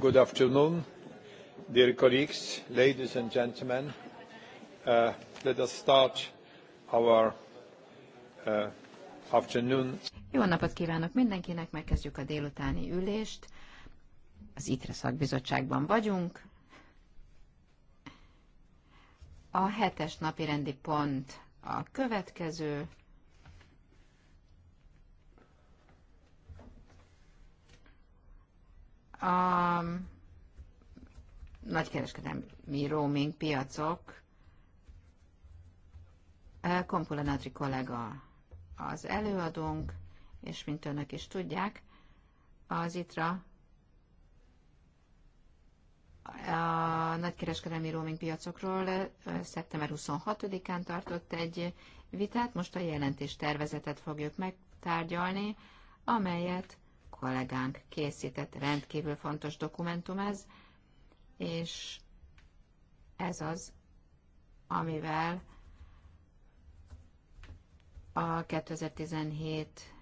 Good afternoon, dear colleagues, ladies and gentlemen. Uh, let us start our uh, afternoon. Jó napot kívánok mindenkinek, megkezdjük a délutáni ülést. Az ITRE szakbizottságban vagyunk. A hetes napi rendi pont a következő, A nagykereskedelmi roaming piacok, eh, Kompula Nadri kollega az előadónk, és mint önök is tudják, az ITRA a nagykereskedelmi roaming piacokról eh, szeptember 26-án tartott egy vitát, most a jelentés tervezetet fogjuk megtárgyalni, amelyet kollégánk készített. Rendkívül fontos dokumentum ez, és ez az, amivel a 2017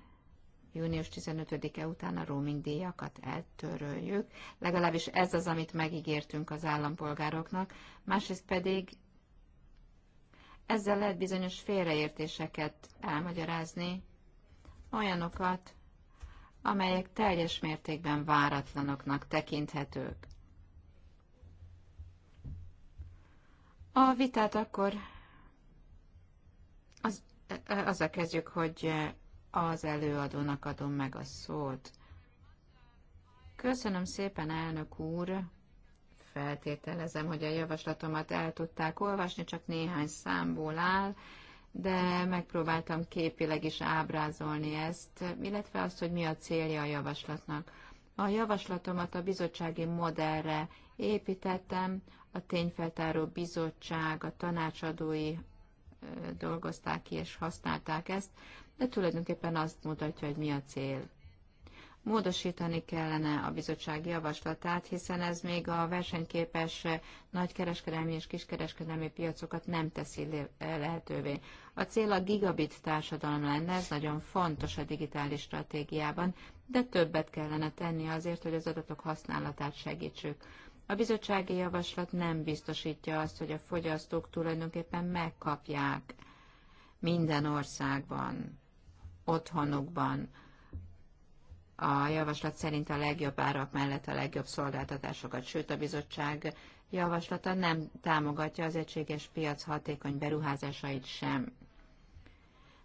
június 15-e után a roaming díjakat eltöröljük. Legalábbis ez az, amit megígértünk az állampolgároknak. Másrészt pedig ezzel lehet bizonyos félreértéseket elmagyarázni, olyanokat, amelyek teljes mértékben váratlanoknak tekinthetők. A vitát akkor az, azzal kezdjük, hogy az előadónak adom meg a szót. Köszönöm szépen, elnök úr! Feltételezem, hogy a javaslatomat el tudták olvasni, csak néhány számból áll, de megpróbáltam képileg is ábrázolni ezt, illetve azt, hogy mi a célja a javaslatnak. A javaslatomat a bizottsági modellre építettem, a tényfeltáró bizottság, a tanácsadói dolgozták ki és használták ezt, de tulajdonképpen azt mutatja, hogy mi a cél módosítani kellene a bizottság javaslatát, hiszen ez még a versenyképes nagykereskedelmi és kiskereskedelmi piacokat nem teszi lehetővé. A cél a gigabit társadalom lenne, ez nagyon fontos a digitális stratégiában, de többet kellene tenni azért, hogy az adatok használatát segítsük. A bizottsági javaslat nem biztosítja azt, hogy a fogyasztók tulajdonképpen megkapják minden országban, otthonukban a javaslat szerint a legjobb árak mellett a legjobb szolgáltatásokat, sőt a bizottság javaslata nem támogatja az egységes piac hatékony beruházásait sem.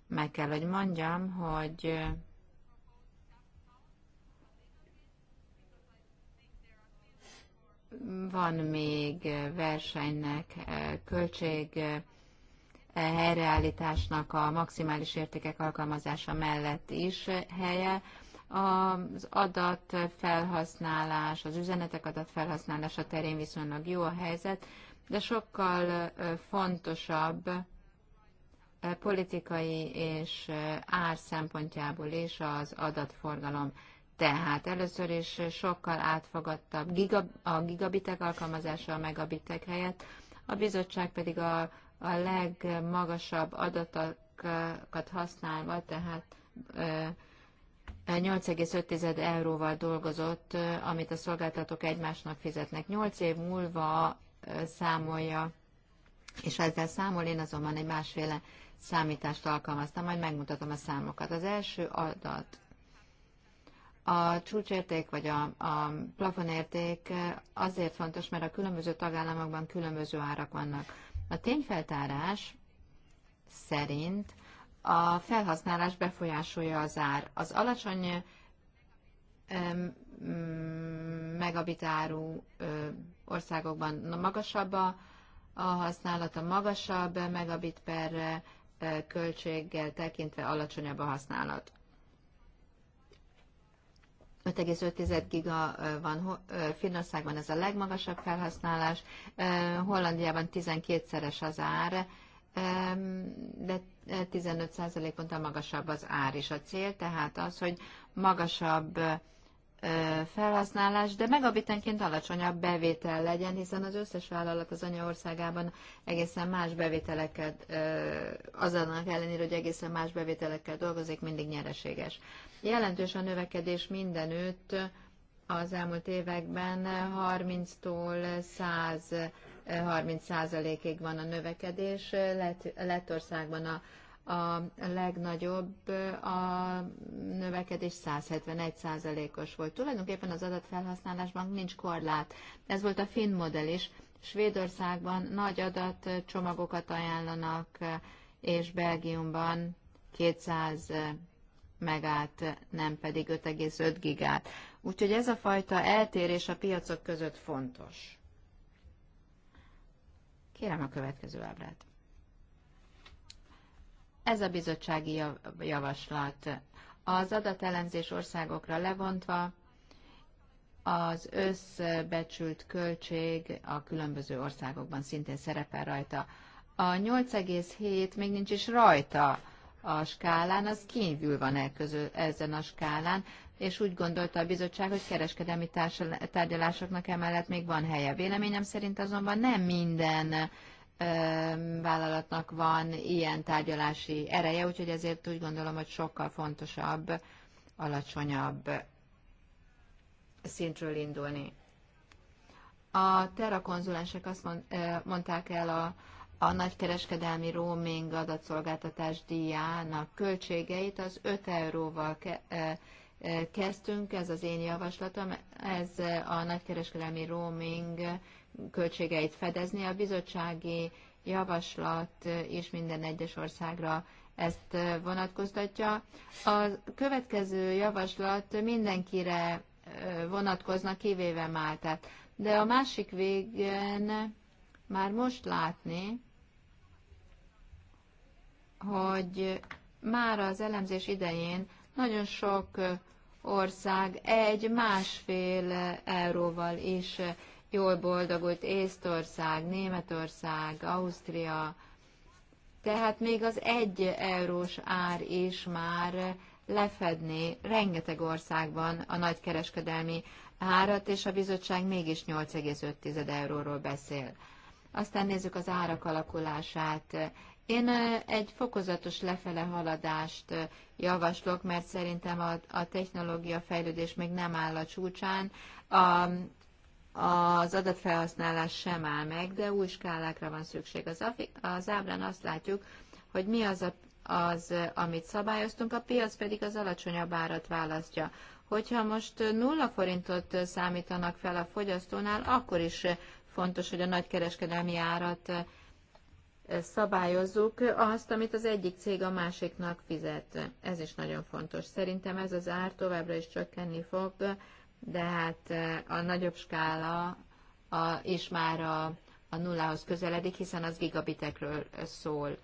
Meg kell, hogy mondjam, hogy van még versenynek, költség helyreállításnak a maximális értékek alkalmazása mellett is helye, az adatfelhasználás, az üzenetek adatfelhasználása terén viszonylag jó a helyzet, de sokkal fontosabb politikai és ár szempontjából is az adatforgalom. Tehát először is sokkal átfogadtabb a gigabitek alkalmazása a megabitek helyett, a bizottság pedig a, a legmagasabb adatokat használva, tehát 8,5 euróval dolgozott, eh, amit a szolgáltatók egymásnak fizetnek. 8 év múlva eh, számolja, és ezzel számol, én azonban egy másféle számítást alkalmaztam, majd megmutatom a számokat. Az első adat a csúcsérték vagy a, a plafonérték eh, azért fontos, mert a különböző tagállamokban különböző árak vannak. A tényfeltárás szerint a felhasználás befolyásolja az ár. Az alacsony mm, megabitárú országokban magasabb a, a használata, magasabb megabit per költséggel tekintve alacsonyabb a használat. 5,5 giga van Finnországban, ez a legmagasabb felhasználás, Hollandiában 12-szeres az ár, de 15%-ponttal magasabb az ár és a cél, tehát az, hogy magasabb felhasználás, de megabitenként alacsonyabb bevétel legyen, hiszen az összes vállalat az anyaországában egészen más bevételeket, az annak ellenére, hogy egészen más bevételekkel dolgozik, mindig nyereséges. Jelentős a növekedés mindenütt az elmúlt években 30-tól 100 30%-ig van a növekedés. Lettországban a, a legnagyobb a növekedés 171%-os volt. Tulajdonképpen az adatfelhasználásban nincs korlát. Ez volt a finn modell is. Svédországban nagy adatcsomagokat ajánlanak, és Belgiumban 200 megát, nem pedig 5,5 gigát. Úgyhogy ez a fajta eltérés a piacok között fontos. Kérem a következő ábrát. Ez a bizottsági javaslat. Az adatelemzés országokra levontva az összbecsült költség a különböző országokban szintén szerepel rajta. A 8,7 még nincs is rajta a skálán, az kívül van el közül, ezen a skálán, és úgy gondolta a bizottság, hogy kereskedelmi tárgyalásoknak emellett még van helye. Véleményem szerint azonban nem minden vállalatnak van ilyen tárgyalási ereje, úgyhogy ezért úgy gondolom, hogy sokkal fontosabb, alacsonyabb szintről indulni. A Terra konzulensek azt mondták el a, a nagykereskedelmi roaming adatszolgáltatás díjának költségeit az 5 euróval ke, kezdtünk, ez az én javaslatom, ez a nagykereskedelmi roaming költségeit fedezni. A bizottsági javaslat is minden egyes országra ezt vonatkoztatja. A következő javaslat mindenkire vonatkozna, kivéve Máltát. De a másik végén már most látni, hogy már az elemzés idején nagyon sok ország egy másfél euróval is jól boldogult Észtország, Németország, Ausztria, tehát még az egy eurós ár is már lefedné rengeteg országban a nagykereskedelmi árat, és a bizottság mégis 8,5 euróról beszél. Aztán nézzük az árak alakulását. Én egy fokozatos lefele haladást javaslok, mert szerintem a, a technológia fejlődés még nem áll a csúcsán. A, az adatfelhasználás sem áll meg, de új skálákra van szükség. Az, az ábrán azt látjuk, hogy mi az, a, az, amit szabályoztunk, a piac pedig az alacsonyabb árat választja. Hogyha most nulla forintot számítanak fel a fogyasztónál, akkor is fontos, hogy a nagykereskedelmi árat szabályozzuk azt, amit az egyik cég a másiknak fizet. Ez is nagyon fontos. Szerintem ez az ár továbbra is csökkenni fog, de hát eh, a nagyobb skála a, is már a, a nullához közeledik, hiszen az gigabitekről szól.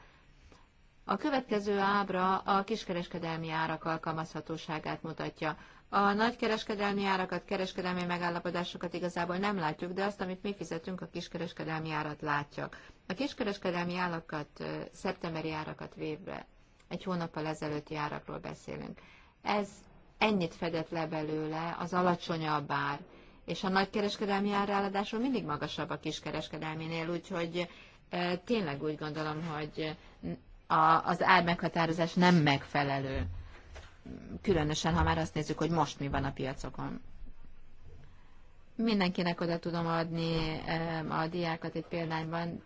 A következő ábra a kiskereskedelmi árak alkalmazhatóságát mutatja. A nagykereskedelmi árakat, kereskedelmi megállapodásokat igazából nem látjuk, de azt, amit mi fizetünk, a kiskereskedelmi árat látjuk. A kiskereskedelmi árakat, szeptemberi árakat véve, egy hónappal ezelőtti árakról beszélünk. Ez ennyit fedett le belőle az alacsonyabb ár, és a nagykereskedelmi ár ráadásul mindig magasabb a kiskereskedelminél, úgyhogy e, tényleg úgy gondolom, hogy a, az ár meghatározás nem megfelelő különösen, ha már azt nézzük, hogy most mi van a piacokon. Mindenkinek oda tudom adni eh, a diákat egy példányban.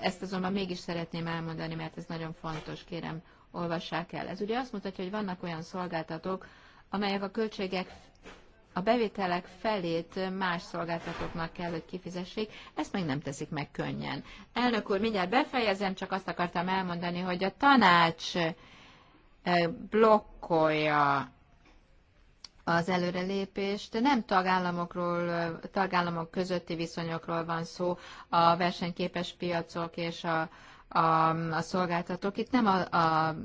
Ezt azonban mégis szeretném elmondani, mert ez nagyon fontos, kérem, olvassák el. Ez ugye azt mutatja, hogy vannak olyan szolgáltatók, amelyek a költségek a bevételek felét más szolgáltatóknak kell, hogy kifizessék, ezt meg nem teszik meg könnyen. Elnök úr, mindjárt befejezem, csak azt akartam elmondani, hogy a tanács blokkolja az előrelépést. Nem tagállamokról, tagállamok közötti viszonyokról van szó a versenyképes piacok és a, a, a szolgáltatók. Itt nem a, a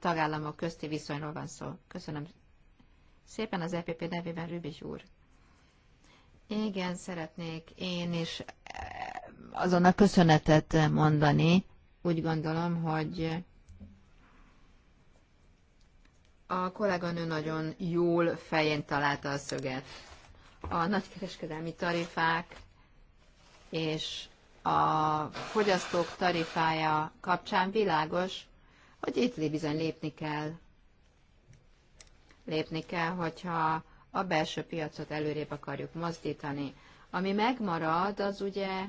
tagállamok közti viszonyról van szó. Köszönöm szépen az EPP nevében, Rübis úr. Igen, szeretnék én is azon a köszönetet mondani. Úgy gondolom, hogy a kolléganő nagyon jól fején találta a szöget. A nagykereskedelmi tarifák és a fogyasztók tarifája kapcsán világos, hogy itt bizony lépni kell. Lépni kell, hogyha a belső piacot előrébb akarjuk mozdítani. Ami megmarad, az ugye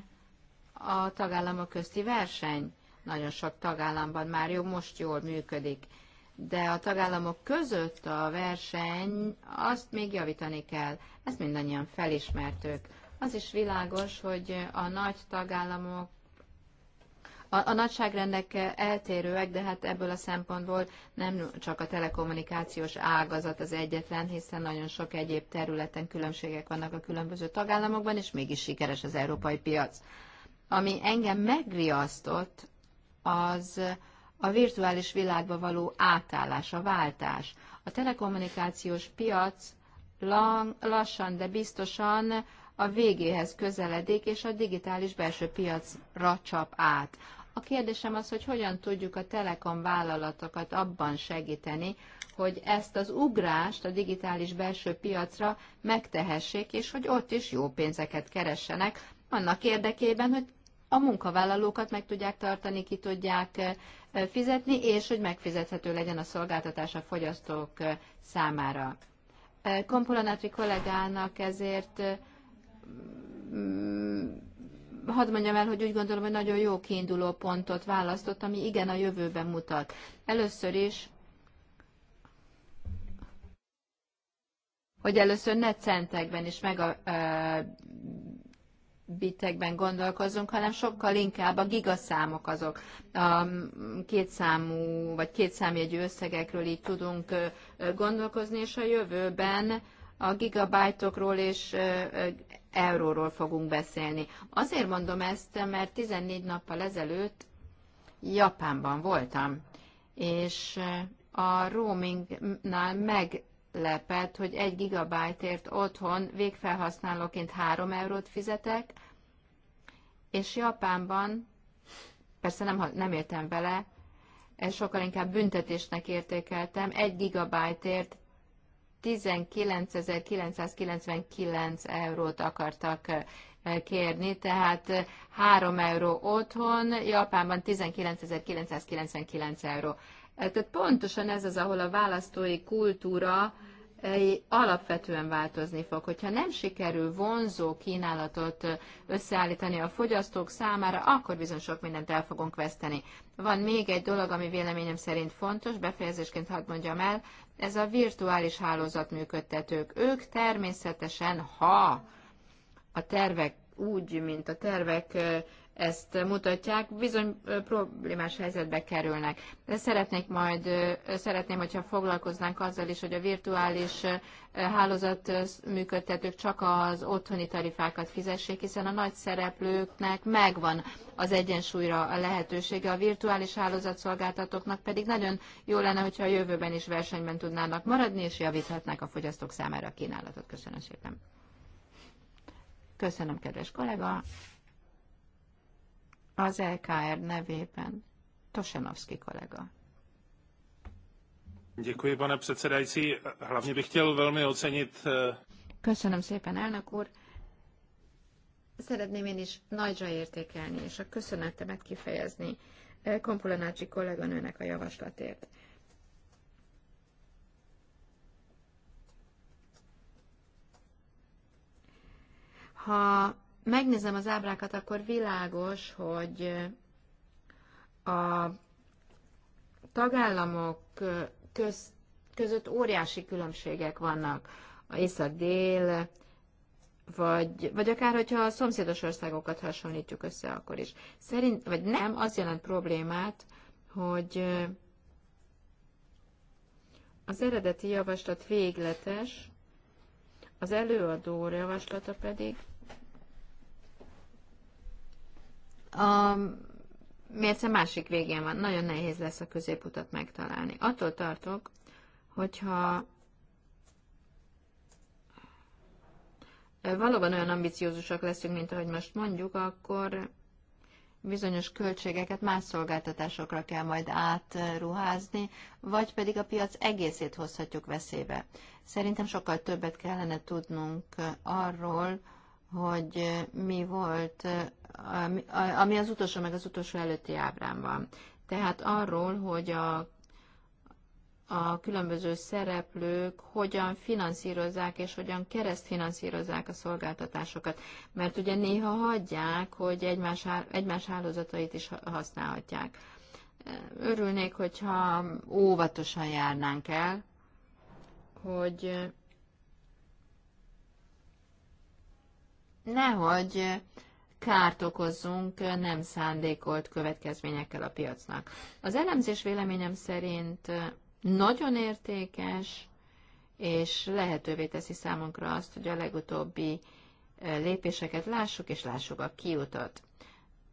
a tagállamok közti verseny. Nagyon sok tagállamban már jó, most jól működik de a tagállamok között a verseny, azt még javítani kell. Ezt mindannyian felismertük. Az is világos, hogy a nagy tagállamok a, a nagyságrendek eltérőek, de hát ebből a szempontból nem csak a telekommunikációs ágazat az egyetlen, hiszen nagyon sok egyéb területen különbségek vannak a különböző tagállamokban, és mégis sikeres az európai piac. Ami engem megriasztott, az a virtuális világba való átállás, a váltás. A telekommunikációs piac lang, lassan, de biztosan a végéhez közeledik, és a digitális belső piacra csap át. A kérdésem az, hogy hogyan tudjuk a telekom vállalatokat abban segíteni, hogy ezt az ugrást a digitális belső piacra megtehessék, és hogy ott is jó pénzeket keressenek, annak érdekében, hogy a munkavállalókat meg tudják tartani, ki tudják eh, eh, fizetni, és hogy megfizethető legyen a szolgáltatás a fogyasztók eh, számára. Kompolanátri kollégának ezért mm, hadd mondjam el, hogy úgy gondolom, hogy nagyon jó kiinduló pontot választott, ami igen a jövőben mutat. Először is, hogy először ne centekben is meg a, bitekben gondolkozunk, hanem sokkal inkább a gigaszámok azok. A kétszámú vagy kétszámjegyű összegekről így tudunk gondolkozni, és a jövőben a gigabájtokról és euróról fogunk beszélni. Azért mondom ezt, mert 14 nappal ezelőtt Japánban voltam, és a roamingnál meg meglepett, hogy egy gigabájtért otthon végfelhasználóként 3 eurót fizetek, és Japánban, persze nem, nem értem vele, eh, sokkal inkább büntetésnek értékeltem, egy gigabájtért 19.999 eurót akartak eh, kérni, tehát 3 eh, euró otthon, Japánban 19.999 euró. Eh, tehát pontosan ez az, ahol a választói kultúra eh, alapvetően változni fog. Hogyha nem sikerül vonzó kínálatot eh, összeállítani a fogyasztók számára, akkor bizony sok mindent el fogunk veszteni. Van még egy dolog, ami véleményem szerint fontos, befejezésként hadd mondjam el, ez a virtuális hálózat működtetők. Ők természetesen, ha a tervek úgy, mint a tervek ezt mutatják, bizony problémás helyzetbe kerülnek. De szeretnék majd, szeretném, hogyha foglalkoznánk azzal is, hogy a virtuális hálózat működtetők csak az otthoni tarifákat fizessék, hiszen a nagy szereplőknek megvan az egyensúlyra a lehetősége, a virtuális hálózatszolgáltatóknak pedig nagyon jó lenne, hogyha a jövőben is versenyben tudnának maradni, és javíthatnák a fogyasztók számára a kínálatot. Köszönöm szépen. Köszönöm, kedves kollega az LKR nevében Tosanovski kolega. Děkuji, pane předsedající. Hlavně bych chtěl velmi ocenit... Eh, Köszönöm szépen, elnök úr. Szeretném én is nagyra értékelni, és a köszönetemet kifejezni eh, Kompulanácsi kolléganőnek a javaslatért. Ha megnézem az ábrákat, akkor világos, hogy a tagállamok köz, között óriási különbségek vannak. A észak-dél, vagy, vagy akár, hogyha a szomszédos országokat hasonlítjuk össze, akkor is. Szerint, vagy nem, az jelent problémát, hogy az eredeti javaslat végletes, az előadó javaslata pedig a mérce másik végén van. Nagyon nehéz lesz a középutat megtalálni. Attól tartok, hogyha valóban olyan ambiciózusak leszünk, mint ahogy most mondjuk, akkor bizonyos költségeket más szolgáltatásokra kell majd átruházni, vagy pedig a piac egészét hozhatjuk veszélybe. Szerintem sokkal többet kellene tudnunk arról, hogy eh, mi volt, eh, ami az utolsó, meg az utolsó előtti ábrán van. Tehát arról, hogy a, a különböző szereplők hogyan finanszírozzák és hogyan keresztfinanszírozzák a szolgáltatásokat. Mert ugye néha hagyják, hogy egymás, egymás hálózatait is használhatják. Eh, örülnék, hogyha óvatosan járnánk el, hogy nehogy kárt okozzunk nem szándékolt következményekkel a piacnak. Az elemzés véleményem szerint nagyon értékes, és lehetővé teszi számunkra azt, hogy a legutóbbi lépéseket lássuk, és lássuk a kiutat.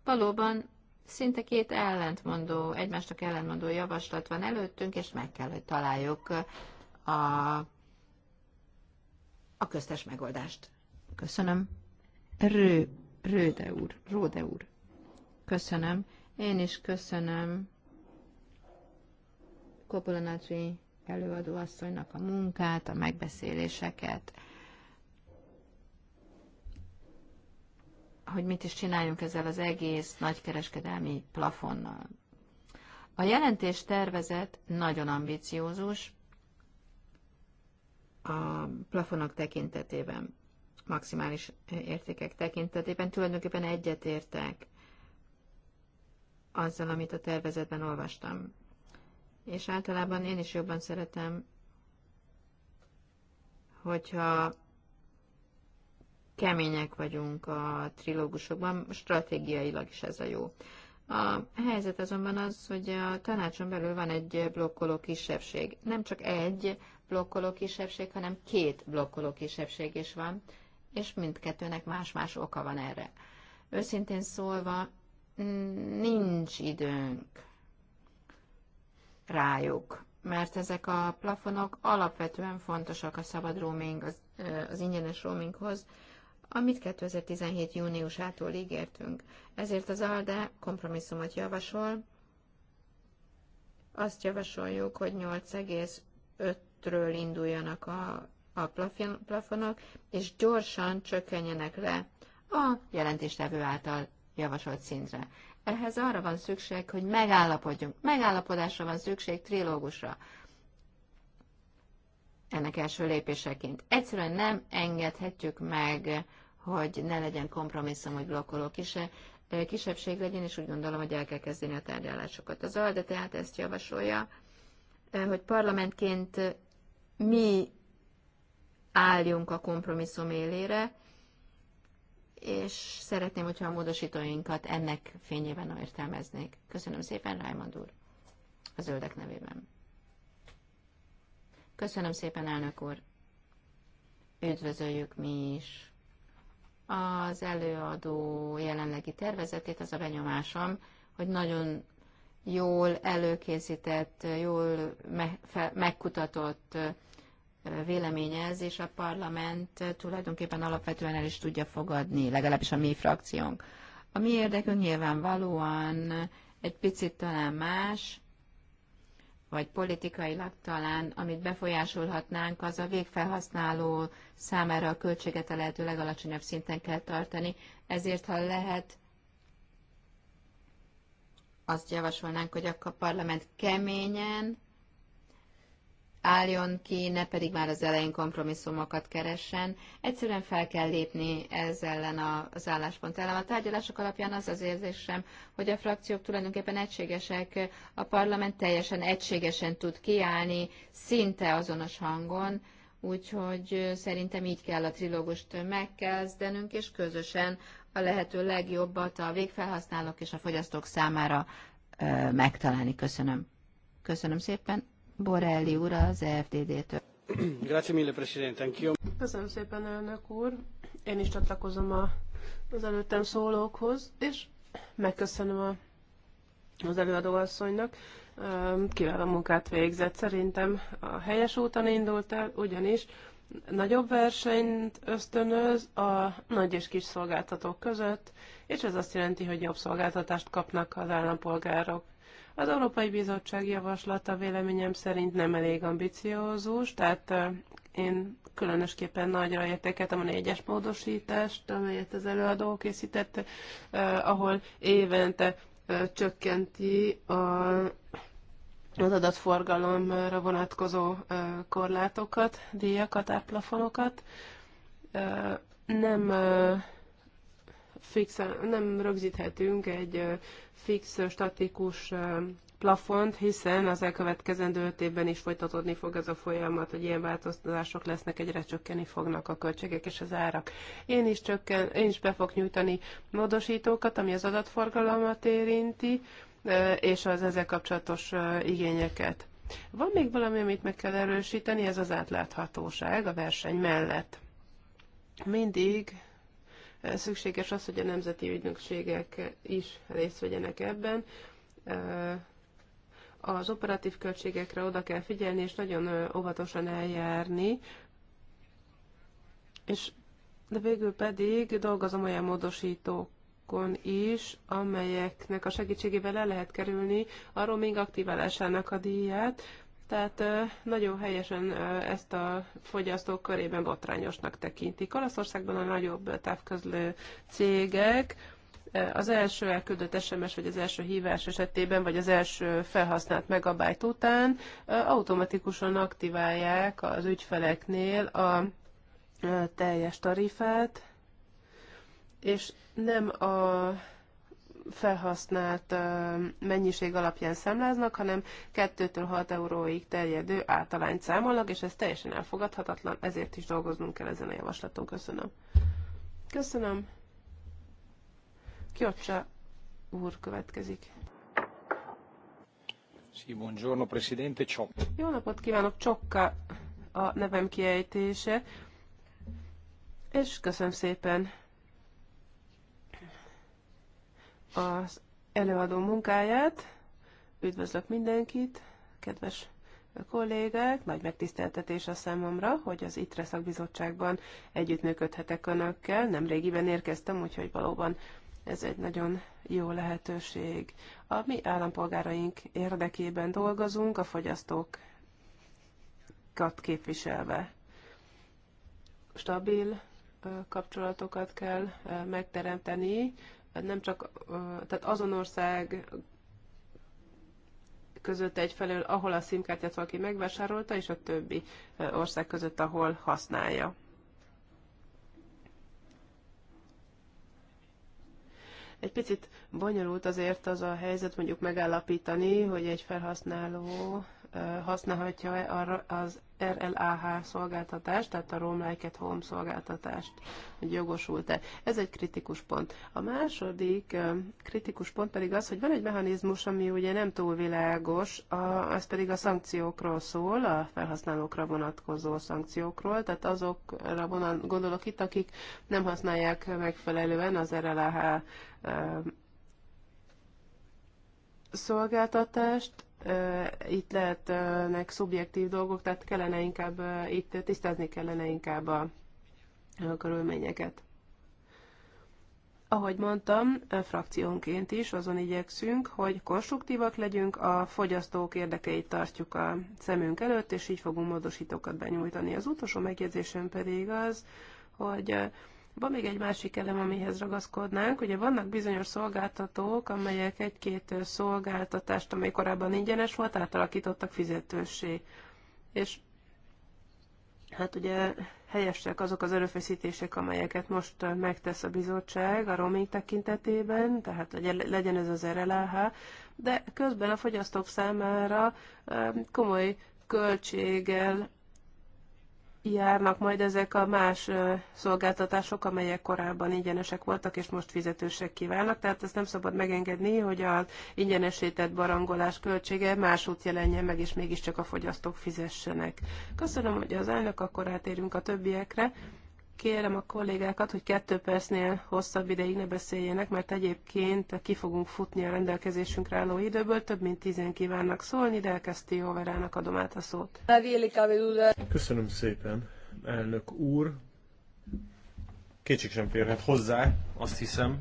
Valóban szinte két ellentmondó, egymásnak ellentmondó javaslat van előttünk, és meg kell, hogy találjuk a, a köztes megoldást. Köszönöm. Rő, Röde úr, Róde úr. Köszönöm. Én is köszönöm Kopolanácsi előadóasszonynak a munkát, a megbeszéléseket, hogy mit is csináljunk ezzel az egész nagykereskedelmi plafonnal. A jelentés tervezet nagyon ambiciózus a plafonok tekintetében maximális értékek tekintetében tulajdonképpen egyetértek azzal, amit a tervezetben olvastam. És általában én is jobban szeretem, hogyha kemények vagyunk a trilógusokban, stratégiailag is ez a jó. A helyzet azonban az, hogy a tanácson belül van egy blokkoló kisebbség. Nem csak egy blokkoló kisebbség, hanem két blokkoló kisebbség is van és mindkettőnek más-más oka van erre. Őszintén szólva, nincs időnk rájuk, mert ezek a plafonok alapvetően fontosak a szabad roaming, az, az ingyenes roaminghoz, amit 2017. júniusától ígértünk. Ezért az ALDE kompromisszumot javasol, azt javasoljuk, hogy 8,5-ről induljanak a a plafonok, és gyorsan csökkenjenek le a jelentéstevő által javasolt szintre. Ehhez arra van szükség, hogy megállapodjunk. Megállapodásra van szükség, trilógusra. Ennek első lépéseként. Egyszerűen nem engedhetjük meg, hogy ne legyen kompromisszum, hogy blokkoló kise, kisebbség legyen, és úgy gondolom, hogy el kell kezdeni a tárgyalásokat. Az ALDE tehát ezt javasolja, hogy parlamentként mi álljunk a kompromisszum élére, és szeretném, hogyha a módosítóinkat ennek fényében értelmeznék. Köszönöm szépen, Raimond úr, a zöldek nevében. Köszönöm szépen, elnök úr. Üdvözöljük mi is az előadó jelenlegi tervezetét, az a benyomásom, hogy nagyon jól előkészített, jól me- megkutatott véleményez, és a parlament tulajdonképpen alapvetően el is tudja fogadni, legalábbis a mi frakciónk. A mi érdekünk nyilvánvalóan egy picit talán más, vagy politikailag talán, amit befolyásolhatnánk, az a végfelhasználó számára a költséget a lehető legalacsonyabb szinten kell tartani. Ezért, ha lehet, azt javasolnánk, hogy akkor a parlament keményen álljon ki, ne pedig már az elején kompromisszumokat keressen. Egyszerűen fel kell lépni ez ellen az álláspont ellen. A tárgyalások alapján az az érzésem, hogy a frakciók tulajdonképpen egységesek, a parlament teljesen egységesen tud kiállni, szinte azonos hangon, úgyhogy szerintem így kell a trilógust megkezdenünk, és közösen a lehető legjobbat a végfelhasználók és a fogyasztók számára megtalálni. Köszönöm. Köszönöm szépen. Borelli ura, az e FDD-től. Grazie mille, Presidente. Anch'io. Köszönöm szépen, elnök úr. Én is csatlakozom a, az előttem szólókhoz, és megköszönöm a, az asszonynak. Kiváló munkát végzett. Szerintem a helyes úton indult el, ugyanis nagyobb versenyt ösztönöz a nagy és kis szolgáltatók között, és ez azt jelenti, hogy jobb szolgáltatást kapnak az állampolgárok. Az Európai Bizottság javaslata véleményem szerint nem elég ambiciózus, tehát én különösképpen nagyra értékeltem a négyes módosítást, amelyet az előadó készített, ahol évente csökkenti a, az adatforgalomra vonatkozó korlátokat, díjakat, árplafonokat. Nem fix, nem rögzíthetünk egy fix, statikus plafont, hiszen az elkövetkezendő öt évben is folytatódni fog az a folyamat, hogy ilyen változások lesznek, egyre csökkeni fognak a költségek és az árak. Én is, csökken, én is be fog nyújtani módosítókat, ami az adatforgalmat érinti, és az ezzel kapcsolatos igényeket. Van még valami, amit meg kell erősíteni, ez az átláthatóság a verseny mellett. Mindig szükséges az, hogy a nemzeti ügynökségek is részt vegyenek ebben. Az operatív költségekre oda kell figyelni, és nagyon óvatosan eljárni. És de végül pedig dolgozom olyan módosítókon is, amelyeknek a segítségével le lehet kerülni a roaming aktiválásának a díját, tehát nagyon helyesen ezt a fogyasztók körében botrányosnak tekintik. Olaszországban a nagyobb távközlő cégek az első elküldött SMS, vagy az első hívás esetében, vagy az első felhasznált megabájt után automatikusan aktiválják az ügyfeleknél a teljes tarifát, és nem a felhasznált mennyiség alapján számláznak, hanem 2-6 euróig terjedő általányt számolnak, és ez teljesen elfogadhatatlan, ezért is dolgoznunk kell ezen a javaslaton. Köszönöm. Köszönöm. Kiocsa úr következik. Sí, buongiorno, presidente Csok. Jó napot kívánok, Csokka a nevem kiejtése, és köszönöm szépen az előadó munkáját. Üdvözlök mindenkit, kedves kollégák! Nagy megtiszteltetés a számomra, hogy az ITRE szakbizottságban együttműködhetek Önökkel. Nemrégiben érkeztem, úgyhogy valóban ez egy nagyon jó lehetőség. A mi állampolgáraink érdekében dolgozunk, a fogyasztókat képviselve. Stabil kapcsolatokat kell megteremteni Hát nem csak, tehát azon ország között egyfelől, ahol a szimkártyát valaki megvásárolta, és a többi ország között, ahol használja. Egy picit bonyolult azért az a helyzet mondjuk megállapítani, hogy egy felhasználó használhatja -e az RLAH szolgáltatást, tehát a Roam Like at Home szolgáltatást, hogy jogosult-e. Ez egy kritikus pont. A második kritikus pont pedig az, hogy van egy mechanizmus, ami ugye nem túl világos, a, az pedig a szankciókról szól, a felhasználókra vonatkozó szankciókról, tehát azokra vonat, gondolok itt, akik nem használják megfelelően az RLAH szolgáltatást, itt lehetnek szubjektív dolgok, tehát kellene inkább, itt tisztázni kellene inkább a, a körülményeket. Ahogy mondtam, frakciónként is azon igyekszünk, hogy konstruktívak legyünk, a fogyasztók érdekeit tartjuk a szemünk előtt, és így fogunk módosítókat benyújtani. Az utolsó megjegyzésem pedig az, hogy van még egy másik elem, amihez ragaszkodnánk. Ugye vannak bizonyos szolgáltatók, amelyek egy-két szolgáltatást, amely korábban ingyenes volt, átalakítottak fizetőssé. És hát ugye helyesek azok az erőfeszítések, amelyeket most megtesz a bizottság a roaming tekintetében, tehát hogy legyen ez az RLH, de közben a fogyasztók számára komoly költséggel járnak majd ezek a más szolgáltatások, amelyek korábban ingyenesek voltak, és most fizetősek kívánnak. Tehát ezt nem szabad megengedni, hogy az ingyenesített barangolás költsége másút jelenjen meg, és mégiscsak a fogyasztók fizessenek. Köszönöm, hogy az elnök, akkor átérünk a többiekre kérem a kollégákat, hogy kettő percnél hosszabb ideig ne beszéljenek, mert egyébként ki fogunk futni a rendelkezésünkre álló időből, több mint tizen kívánnak szólni, de elkezdti Hoverának adom át a szót. Köszönöm szépen, elnök úr. Kétség sem férhet hozzá, azt hiszem,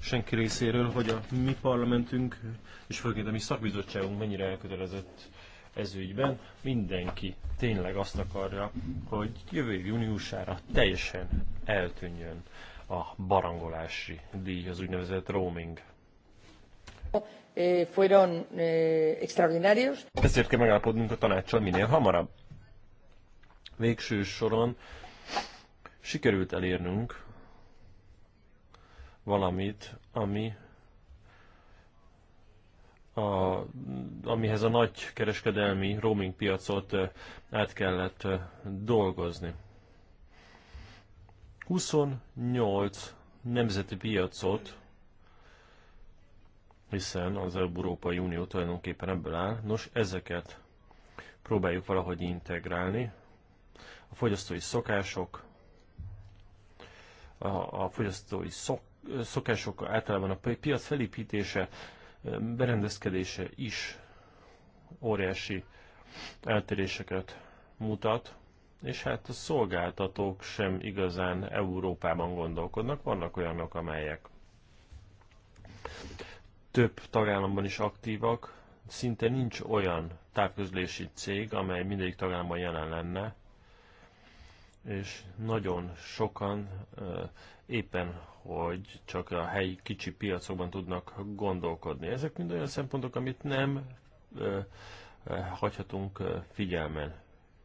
senki részéről, hogy a mi parlamentünk, és főként a mi szakbizottságunk mennyire elkötelezett ez ügyben. Mindenki tényleg azt akarja, hogy jövő év júniusára teljesen eltűnjön a barangolási díj, az úgynevezett roaming. Eh, fueron eh, extraordinarios. Ezért kell megállapodnunk a tanácssal minél hamarabb. Végső soron sikerült elérnünk valamit, ami a, amihez a nagy kereskedelmi roaming piacot át kellett dolgozni. 28 nemzeti piacot, hiszen az Európai Unió tulajdonképpen ebből áll, nos ezeket próbáljuk valahogy integrálni. A fogyasztói szokások, a, a fogyasztói szok, szokások általában a piac felépítése, berendezkedése is óriási eltéréseket mutat, és hát a szolgáltatók sem igazán Európában gondolkodnak. Vannak olyanok, amelyek több tagállamban is aktívak, szinte nincs olyan távközlési cég, amely mindegyik tagállamban jelen lenne, és nagyon sokan éppen, hogy csak a helyi kicsi piacokban tudnak gondolkodni. Ezek mind olyan szempontok, amit nem hagyhatunk figyelmen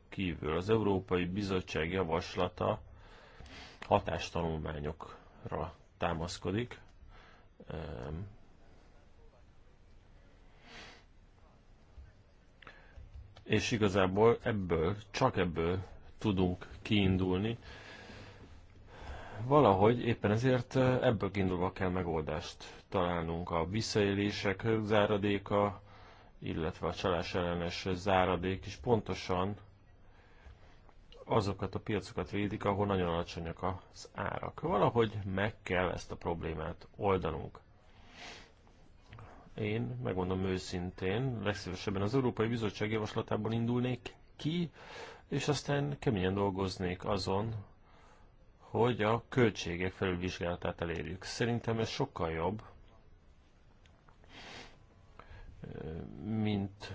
kívül. Az Európai Bizottság javaslata hatástanulmányokra támaszkodik. És igazából ebből, csak ebből tudunk kiindulni. Valahogy éppen ezért eh, ebből kiindulva kell megoldást találnunk. A visszaélések záradéka, illetve a csalás ellenes záradék is pontosan azokat a piacokat védik, ahol nagyon alacsonyak az árak. Valahogy meg kell ezt a problémát oldanunk. Én, megmondom őszintén, legszívesebben az Európai Bizottság javaslatából indulnék ki, és aztán keményen dolgoznék azon, hogy a költségek felülvizsgálatát elérjük. Szerintem ez sokkal jobb, mint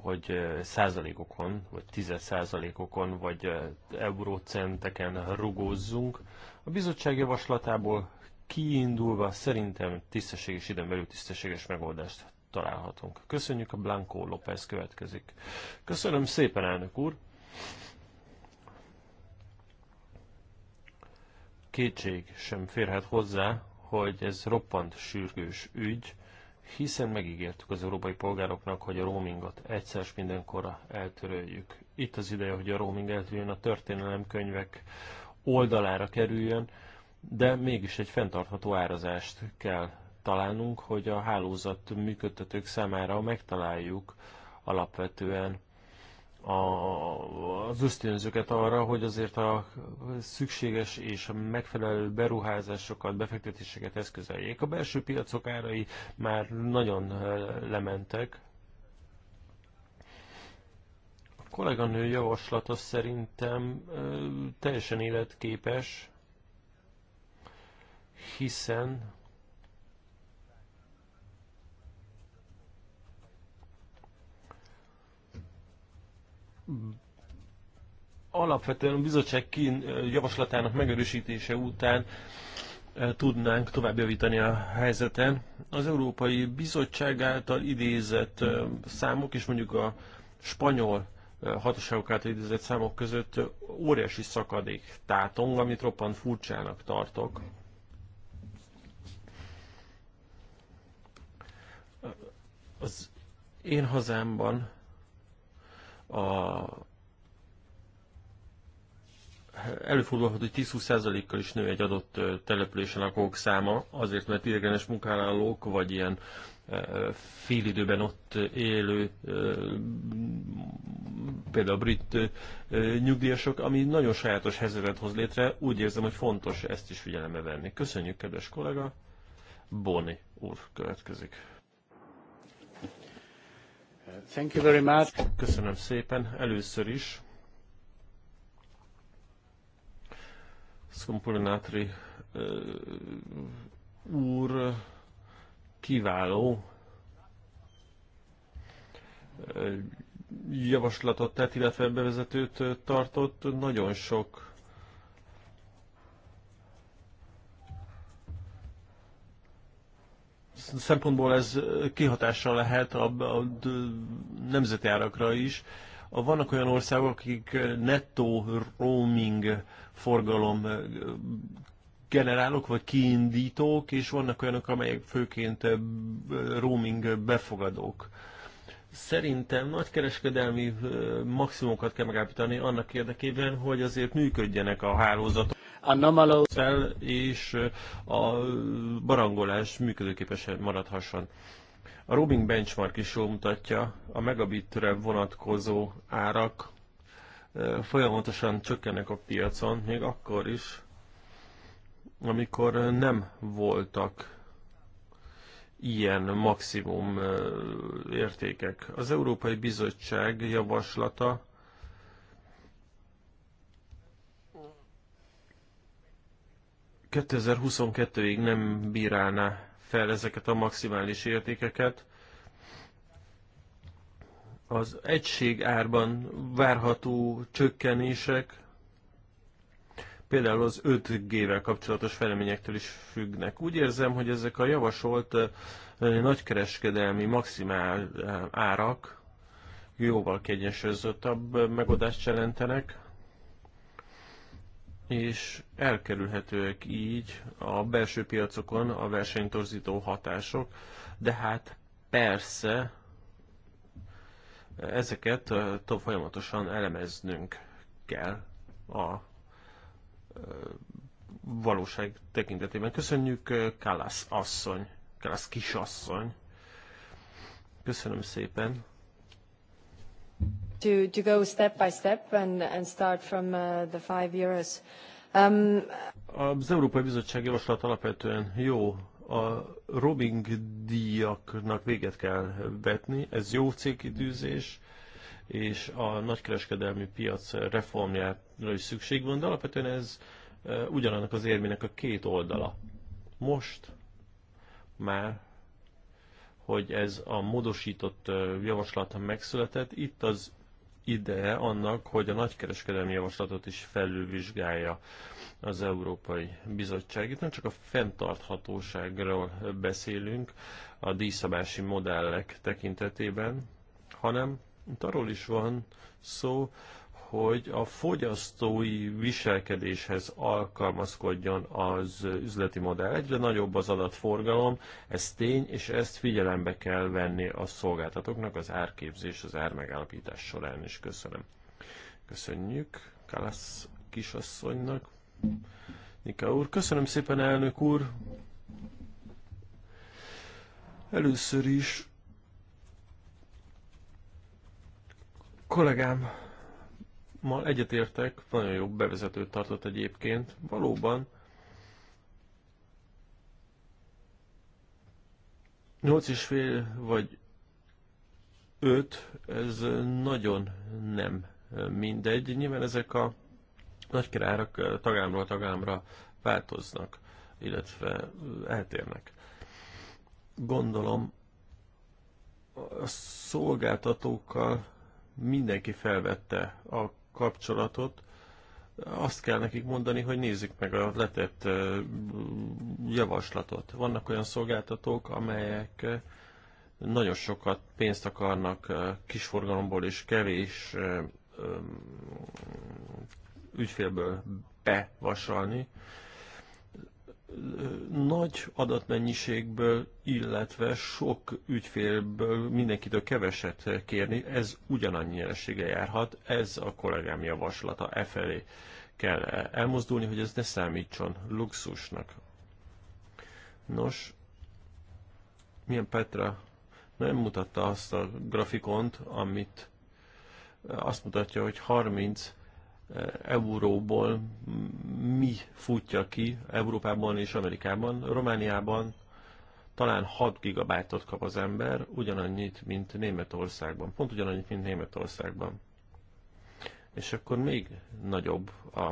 hogy eh, százalékokon, vagy tized százalékokon, vagy eh, eurócenteken rugózzunk. A bizottság javaslatából kiindulva szerintem tisztességes időn belül tisztességes megoldást találhatunk. Köszönjük a Blanco López következik. Köszönöm szépen, elnök úr! Kétség sem férhet hozzá, hogy ez roppant sürgős ügy, hiszen megígértük az európai polgároknak, hogy a roamingot egyszer és mindenkorra eltöröljük. Itt az ideje, hogy a roaming eltűnjön a történelemkönyvek oldalára kerüljön, de mégis egy fenntartható árazást kell találnunk, hogy a hálózat működtetők számára megtaláljuk alapvetően a, az ösztönzőket arra, hogy azért a szükséges és a megfelelő beruházásokat, befektetéseket eszközeljék. A belső piacok árai már nagyon eh, lementek. A kolléganő javaslata szerintem eh, teljesen életképes, hiszen alapvetően a bizottság kín javaslatának megerősítése után e, tudnánk tovább javítani a helyzeten. Az Európai Bizottság által idézett e, számok és mondjuk a spanyol e, hatóságok által idézett számok között óriási szakadék tátong, amit roppant furcsának tartok. Az én hazámban a előfordulhat, hogy 10-20%-kal is nő egy adott településen lakók száma, azért mert idegenes munkállók, vagy ilyen félidőben ott élő például brit nyugdíjasok, ami nagyon sajátos helyzetet hoz létre, úgy érzem, hogy fontos ezt is figyelembe venni. Köszönjük, kedves kollega! Boni úr következik. Thank you very much. Köszönöm szépen. Először is Szkompolinátri úr kiváló javaslatot tett, illetve bevezetőt tartott. Nagyon sok szempontból ez kihatással lehet a, a nemzeti árakra is. A, vannak olyan országok, akik nettó roaming forgalom generálók vagy kiindítók, és vannak olyanok, amelyek főként roaming befogadók. Szerintem kereskedelmi maximumokat kell megállapítani annak érdekében, hogy azért működjenek a hálózatok fel, és a barangolás működőképesen maradhasson. A roaming benchmark is jól mutatja, a megabitre vonatkozó árak folyamatosan csökkennek a piacon, még akkor is, amikor nem voltak ilyen maximum értékek. Az Európai Bizottság javaslata 2022-ig nem bírálná fel ezeket a maximális értékeket. Az egység árban várható csökkenések például az 5G-vel kapcsolatos fejleményektől is függnek. Úgy érzem, hogy ezek a javasolt eh, nagykereskedelmi maximál eh, árak jóval kiegyensúlyozottabb eh, megoldást jelentenek, és elkerülhetőek így a belső piacokon a versenytorzító hatások, de hát persze ezeket több folyamatosan elemeznünk kell a valóság tekintetében. Köszönjük Kálász asszony, Kálász kisasszony. Köszönöm szépen to, go step by step and, start from uh, the five euros. Um, az Európai Bizottság javaslat alapvetően jó, a roaming díjaknak véget kell vetni, ez jó célkitűzés, és a nagykereskedelmi piac reformjára is szükség van, de alapvetően ez ugyanannak az érmének a két oldala. Most már, hogy ez a módosított javaslat megszületett, itt az ideje annak, hogy a nagykereskedelmi javaslatot is felülvizsgálja az Európai Bizottság. Itt nem csak a fenntarthatóságról beszélünk a díszabási modellek tekintetében, hanem itt arról is van szó, hogy a fogyasztói viselkedéshez alkalmazkodjon az üzleti modell. Egyre nagyobb az adatforgalom, ez tény, és ezt figyelembe kell venni a szolgáltatóknak az árképzés, az ármegállapítás során is. Köszönöm. Köszönjük Kalasz kisasszonynak. Nika úr, köszönöm szépen, elnök úr. Először is kollégám ma egyetértek, nagyon jó bevezetőt tartott egyébként. Valóban 8 és fél vagy 5, ez nagyon nem mindegy. Nyilván ezek a nagy kerárak tagámról tagámra változnak, illetve eltérnek. Gondolom a szolgáltatókkal mindenki felvette a kapcsolatot, azt kell nekik mondani, hogy nézzük meg a letett javaslatot. Vannak olyan szolgáltatók, amelyek nagyon sokat pénzt akarnak kisforgalomból és kevés ügyfélből bevasalni nagy adatmennyiségből, illetve sok ügyfélből mindenkitől keveset kérni, ez ugyanannyi jelensége járhat, ez a kollégám javaslata, e felé kell elmozdulni, hogy ez ne számítson luxusnak. Nos, milyen Petra nem mutatta azt a grafikont, amit azt mutatja, hogy 30 euróból mi futja ki Európában és Amerikában. Romániában talán 6 gigabájtot kap az ember, ugyanannyit, mint Németországban. Pont ugyanannyit, mint Németországban. És akkor még nagyobb a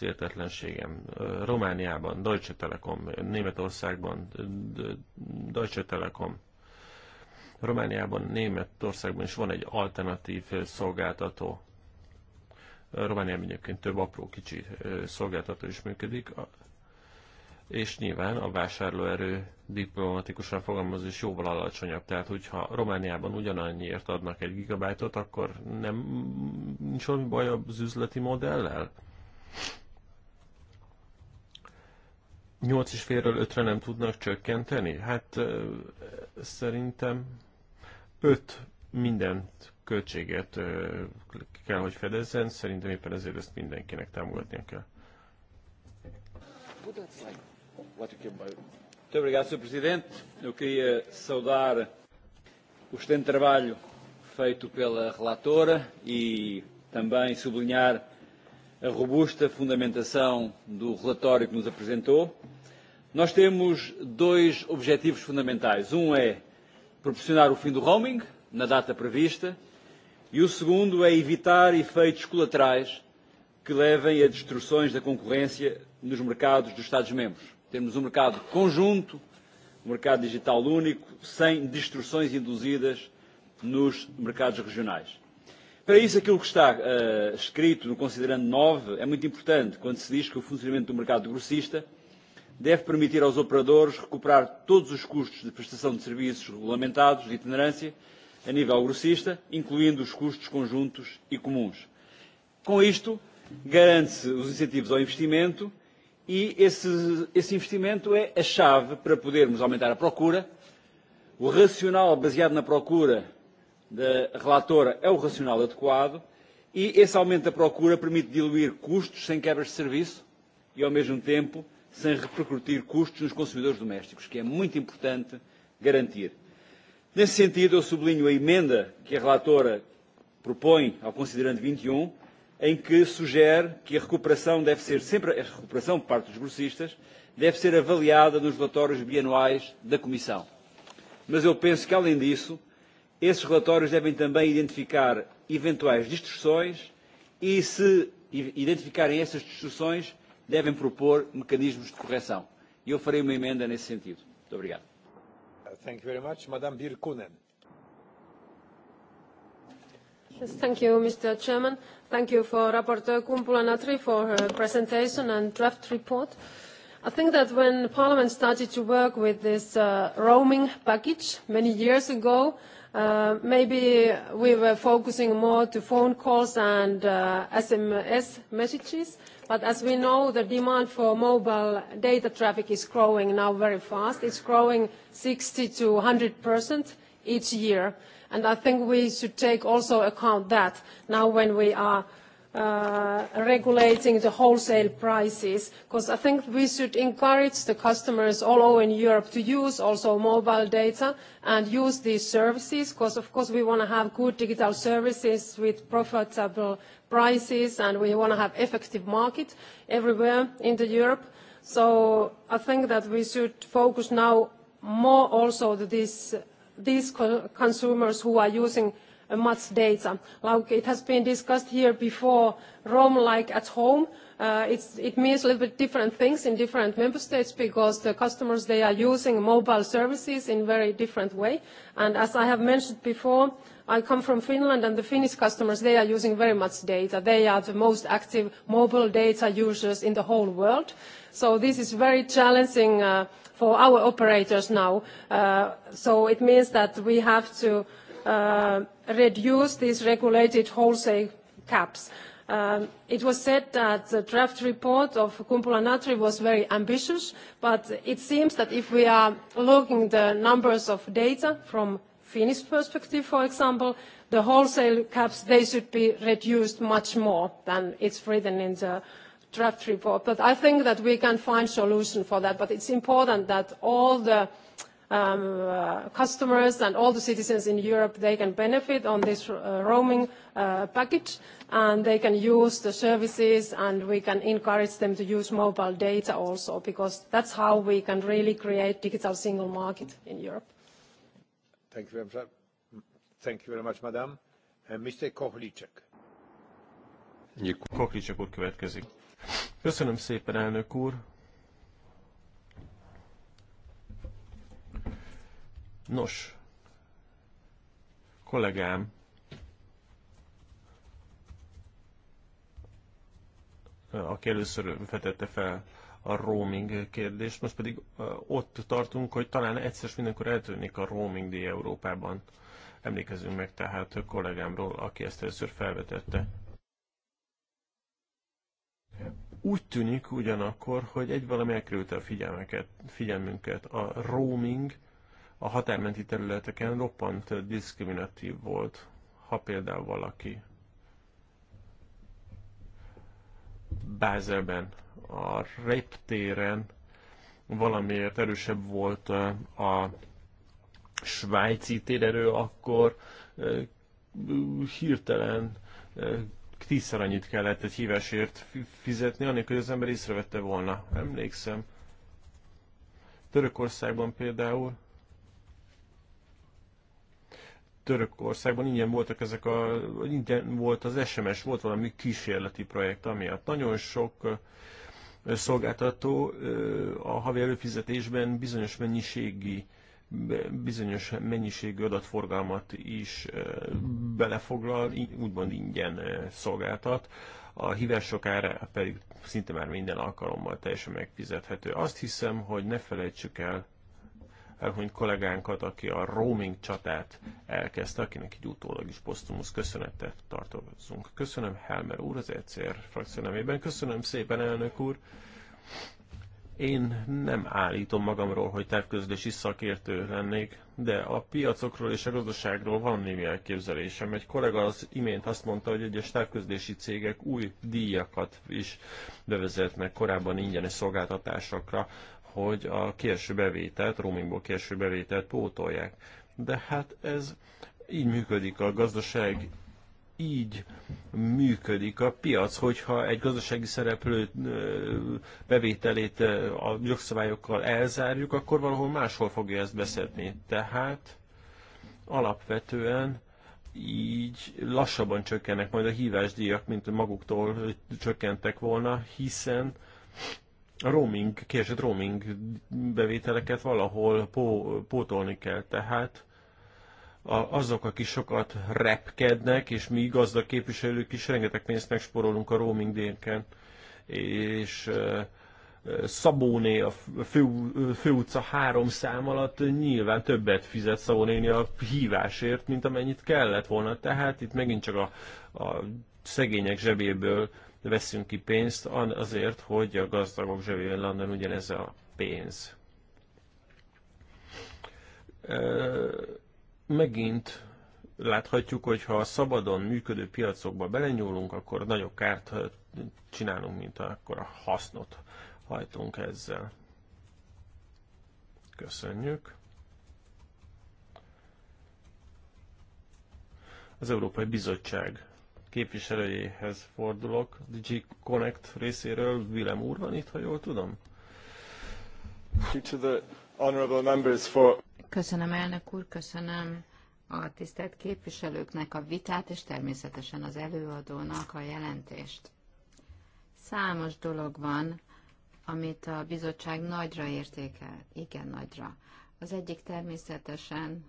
értetlenségem. Romániában Deutsche Telekom, Németországban Deutsche Telekom, Romániában, Németországban is van egy alternatív szolgáltató. Romániában egyébként több apró kicsi szolgáltató is működik, és nyilván a vásárlóerő diplomatikusan fogalmaz is jóval alacsonyabb. Tehát, hogyha Romániában ugyanannyiért adnak egy gigabájtot, akkor nem nincs olyan baj az üzleti modellel? 8 és félről 5-re nem tudnak csökkenteni? Hát szerintem 5 mindent költséget kell, hogy fedezzen, szerintem éppen ezért ezt mindenkinek támogatnia kell. Muito obrigado, Sr. Presidente. Eu queria saudar o excelente trabalho feito pela relatora e também sublinhar a robusta fundamentação do relatório que nos apresentou. Nós temos dois objetivos fundamentais. Um é proporcionar o fim do roaming, na data prevista, E o segundo é evitar efeitos colaterais que levem a destruções da concorrência nos mercados dos Estados-membros. Temos um mercado conjunto, um mercado digital único, sem destruções induzidas nos mercados regionais. Para isso, aquilo que está uh, escrito no considerando 9 é muito importante quando se diz que o funcionamento do mercado grossista deve permitir aos operadores recuperar todos os custos de prestação de serviços regulamentados de itinerância a nível grossista, incluindo os custos conjuntos e comuns. Com isto, garante-se os incentivos ao investimento e esse, esse investimento é a chave para podermos aumentar a procura. O racional baseado na procura da relatora é o racional adequado e esse aumento da procura permite diluir custos sem quebras de serviço e, ao mesmo tempo, sem repercutir custos nos consumidores domésticos, que é muito importante garantir. Nesse sentido, eu sublinho a emenda que a relatora propõe ao considerante 21, e um, em que sugere que a recuperação deve ser sempre a recuperação por parte dos grossistas deve ser avaliada nos relatórios bianuais da Comissão. Mas eu penso que, além disso, esses relatórios devem também identificar eventuais distorções e, se identificarem essas distorções, devem propor mecanismos de correção. E eu farei uma emenda nesse sentido. Muito obrigado. Thank you very much. Madame Birkunen. Yes, thank you, Mr. Chairman. Thank you for Rapporteur Kumpula Natri for her presentation and draft report. I think that when Parliament started to work with this uh, roaming package many years ago, uh, maybe we were focusing more to phone calls and uh, SMS messages. Uh, But as we know, the demand for mobile data traffic is growing now very fast. It's growing 60 to 100% percent each year. And I think we should take also account that now when we are Uh, regulating the wholesale prices, because I think we should encourage the customers all over in Europe to use also mobile data and use these services, because of course we want to have good digital services with profitable prices, and we want to have effective market everywhere in the Europe. So I think that we should focus now more also to this, these consumers who are using much data. Like it has been discussed here before, Rome like at home, uh, it's, it means a little bit different things in different member states because the customers, they are using mobile services in very different way. And as I have mentioned before, I come from Finland and the Finnish customers, they are using very much data. They are the most active mobile data users in the whole world. So this is very challenging uh, for our operators now. Uh, so it means that we have to Uh, reduce these regulated wholesale caps. Um, it was said that the draft report of Kumpula Natri was very ambitious, but it seems that if we are looking at the numbers of data from Finnish perspective, for example, the wholesale caps, they should be reduced much more than it's written in the draft report. But I think that we can find solution for that, but it's important that all the uh, Um, uh, customers and all the citizens in Europe, they can benefit on this uh, roaming uh, package and they can use the services and we can encourage them to use mobile data also because that's how we can really create digital single market in Europe. Thank you very much, Thank you very much madam. Mr. Kohlicek. Kohlicek úr következik. Köszönöm szépen, elnök úr. Nos, kollégám, aki először vetette fel a roaming kérdést, most pedig ott tartunk, hogy talán egyszer mindenkor eltűnik a roaming díj Európában. Emlékezünk meg tehát a kollégámról, aki ezt először felvetette. Úgy tűnik ugyanakkor, hogy egy valami elkerülte a figyelmünket. A roaming a határmenti területeken roppant diszkriminatív volt, ha például valaki Bázelben, a reptéren valamiért erősebb volt a svájci térerő, akkor hirtelen tízszer annyit kellett egy hívásért fizetni, anélkül, hogy az ember észrevette volna. Emlékszem. Törökországban például Törökországban ingyen voltak ezek a, ingyen volt az SMS, volt valami kísérleti projekt amiatt. Nagyon sok szolgáltató a havi előfizetésben bizonyos mennyiségi bizonyos mennyiségű adatforgalmat is belefoglal, úgymond ingyen szolgáltat, a hívások ára pedig szinte már minden alkalommal teljesen megfizethető. Azt hiszem, hogy ne felejtsük el Elhunyt kollégánkat, aki a roaming csatát elkezdte, akinek egy utólag is posztumusz köszönetet tartozunk. Köszönöm Helmer úr az ECR frakció nevében. Köszönöm szépen, elnök úr. Én nem állítom magamról, hogy távközlési szakértő lennék, de a piacokról és a gazdaságról van némi elképzelésem. Egy kollega az imént azt mondta, hogy egyes távközlési cégek új díjakat is bevezetnek korábban ingyenes szolgáltatásokra hogy a kieső bevételt, roamingból kieső bevételt pótolják. De hát ez így működik a gazdaság, így működik a piac, hogyha egy gazdasági szereplő bevételét a jogszabályokkal elzárjuk, akkor valahol máshol fogja ezt beszedni. Tehát alapvetően így lassabban csökkennek majd a hívásdíjak, mint maguktól csökkentek volna, hiszen a roaming, kiesett roaming bevételeket valahol pó, pótolni kell, tehát a, azok, akik sokat repkednek, és mi gazdag képviselők is rengeteg pénzt megsporolunk a roaming délken, és e, Szabóné a fő, utca három szám alatt nyilván többet fizet Szabónéni a hívásért, mint amennyit kellett volna. Tehát itt megint csak a, a szegények zsebéből veszünk ki pénzt azért, hogy a gazdagok zsebében landon ugyanez a pénz. Megint láthatjuk, hogy ha a szabadon működő piacokba belenyúlunk, akkor nagyobb kárt csinálunk, mint akkor a hasznot hajtunk ezzel. Köszönjük. Az Európai Bizottság képviselőjéhez fordulok, DG Connect részéről. Willem úr van itt, ha jól tudom? Köszönöm, elnök úr, köszönöm a tisztelt képviselőknek a vitát, és természetesen az előadónak a jelentést. Számos dolog van, amit a bizottság nagyra értékel, igen nagyra. Az egyik természetesen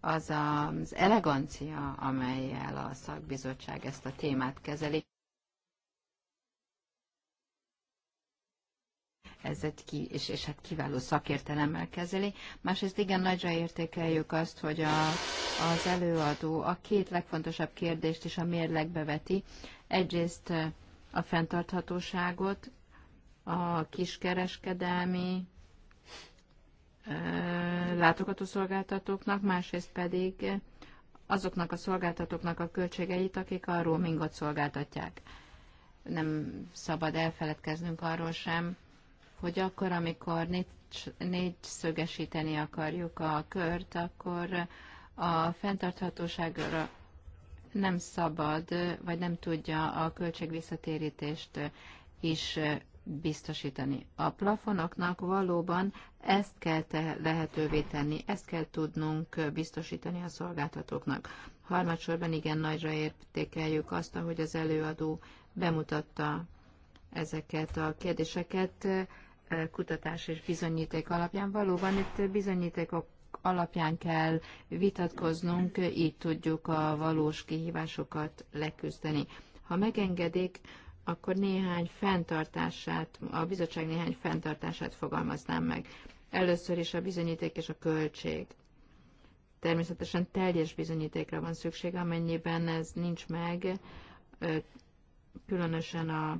az az elegancia, amelyel a szakbizottság ezt a témát kezeli. Ez egy ki, és, és hát kiváló szakértelemmel kezeli. Másrészt igen nagyra értékeljük azt, hogy a, az előadó a két legfontosabb kérdést is a mérlegbe veti. Egyrészt eh, a fenntarthatóságot, a kiskereskedelmi látogatószolgáltatóknak, másrészt pedig azoknak a szolgáltatóknak a költségeit, akik a roamingot szolgáltatják. Nem szabad elfeledkeznünk arról sem, hogy akkor, amikor négy, négy szögesíteni akarjuk a kört, akkor a fenntarthatóságra nem szabad, vagy nem tudja a költség is biztosítani. A plafonoknak valóban ezt kell te lehetővé tenni, ezt kell tudnunk biztosítani a szolgáltatóknak. Harmadsorban igen nagyra értékeljük azt, ahogy az előadó bemutatta ezeket a kérdéseket eh, kutatás és bizonyíték alapján. Valóban itt bizonyítékok alapján kell vitatkoznunk, így tudjuk a valós kihívásokat leküzdeni. Ha megengedik, akkor néhány fenntartását, a bizottság néhány fenntartását fogalmaznám meg. Először is a bizonyíték és a költség. Természetesen teljes bizonyítékra van szükség, amennyiben ez nincs meg, különösen a,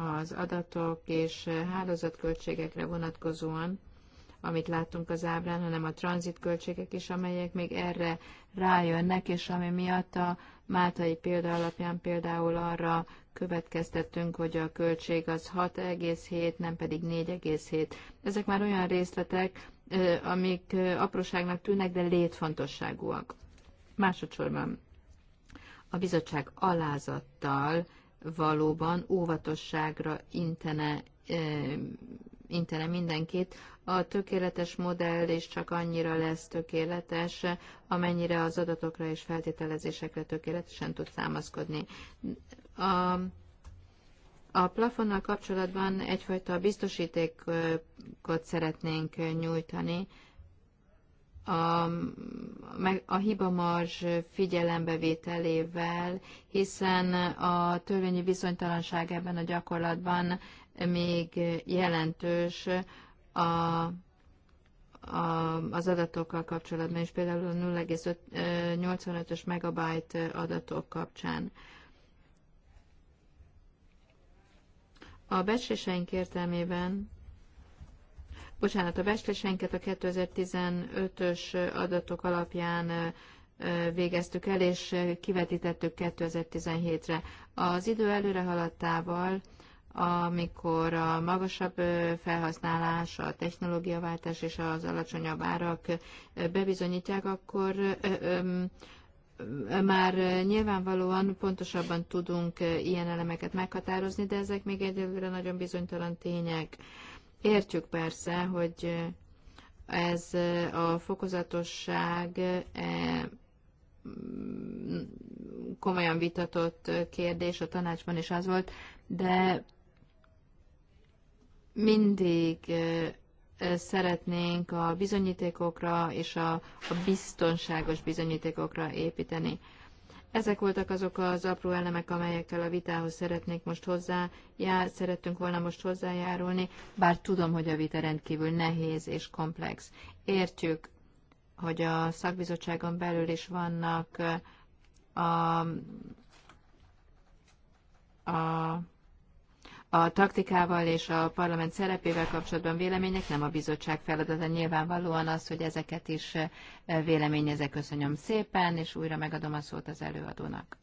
az adatok és hálózatköltségekre vonatkozóan, amit láttunk az ábrán, hanem a tranzitköltségek is, amelyek még erre rájönnek, és ami miatt a Máltai példa alapján például arra következtettünk, hogy a költség az 6,7, nem pedig 4,7. Ezek már olyan részletek, amik apróságnak tűnnek, de létfontosságúak. Másodszorban a bizottság alázattal valóban óvatosságra intene intene mindenkit, a tökéletes modell is csak annyira lesz tökéletes, amennyire az adatokra és feltételezésekre tökéletesen tud számaszkodni. A, a plafonnal kapcsolatban egyfajta biztosítékot szeretnénk nyújtani, a, a hibamarzs figyelembevételével, hiszen a törvényi bizonytalanság ebben a gyakorlatban még jelentős a, a, az adatokkal kapcsolatban, és például a 0,85-ös megabyte adatok kapcsán. A becsléseink értelmében, bocsánat, a becsléseinket a 2015-ös adatok alapján végeztük el, és kivetítettük 2017-re. Az idő előre haladtával amikor a magasabb felhasználás, a technológiaváltás és az alacsonyabb árak bebizonyítják, akkor már nyilvánvalóan pontosabban tudunk ilyen elemeket meghatározni, de ezek még egyelőre nagyon bizonytalan tények. Értjük persze, hogy ez a fokozatosság komolyan vitatott kérdés a tanácsban is az volt, de mindig szeretnénk a bizonyítékokra és a, a biztonságos bizonyítékokra építeni. Ezek voltak azok az apró elemek, amelyekkel a vitához szeretnék most hozzá, já, szerettünk volna most hozzájárulni, bár tudom, hogy a vita rendkívül nehéz és komplex. Értjük, hogy a szakbizottságon belül is vannak a, a a taktikával és a parlament szerepével kapcsolatban vélemények, nem a bizottság feladata nyilvánvalóan az, hogy ezeket is eh, véleményezek. Köszönöm szépen, és újra megadom a szót az előadónak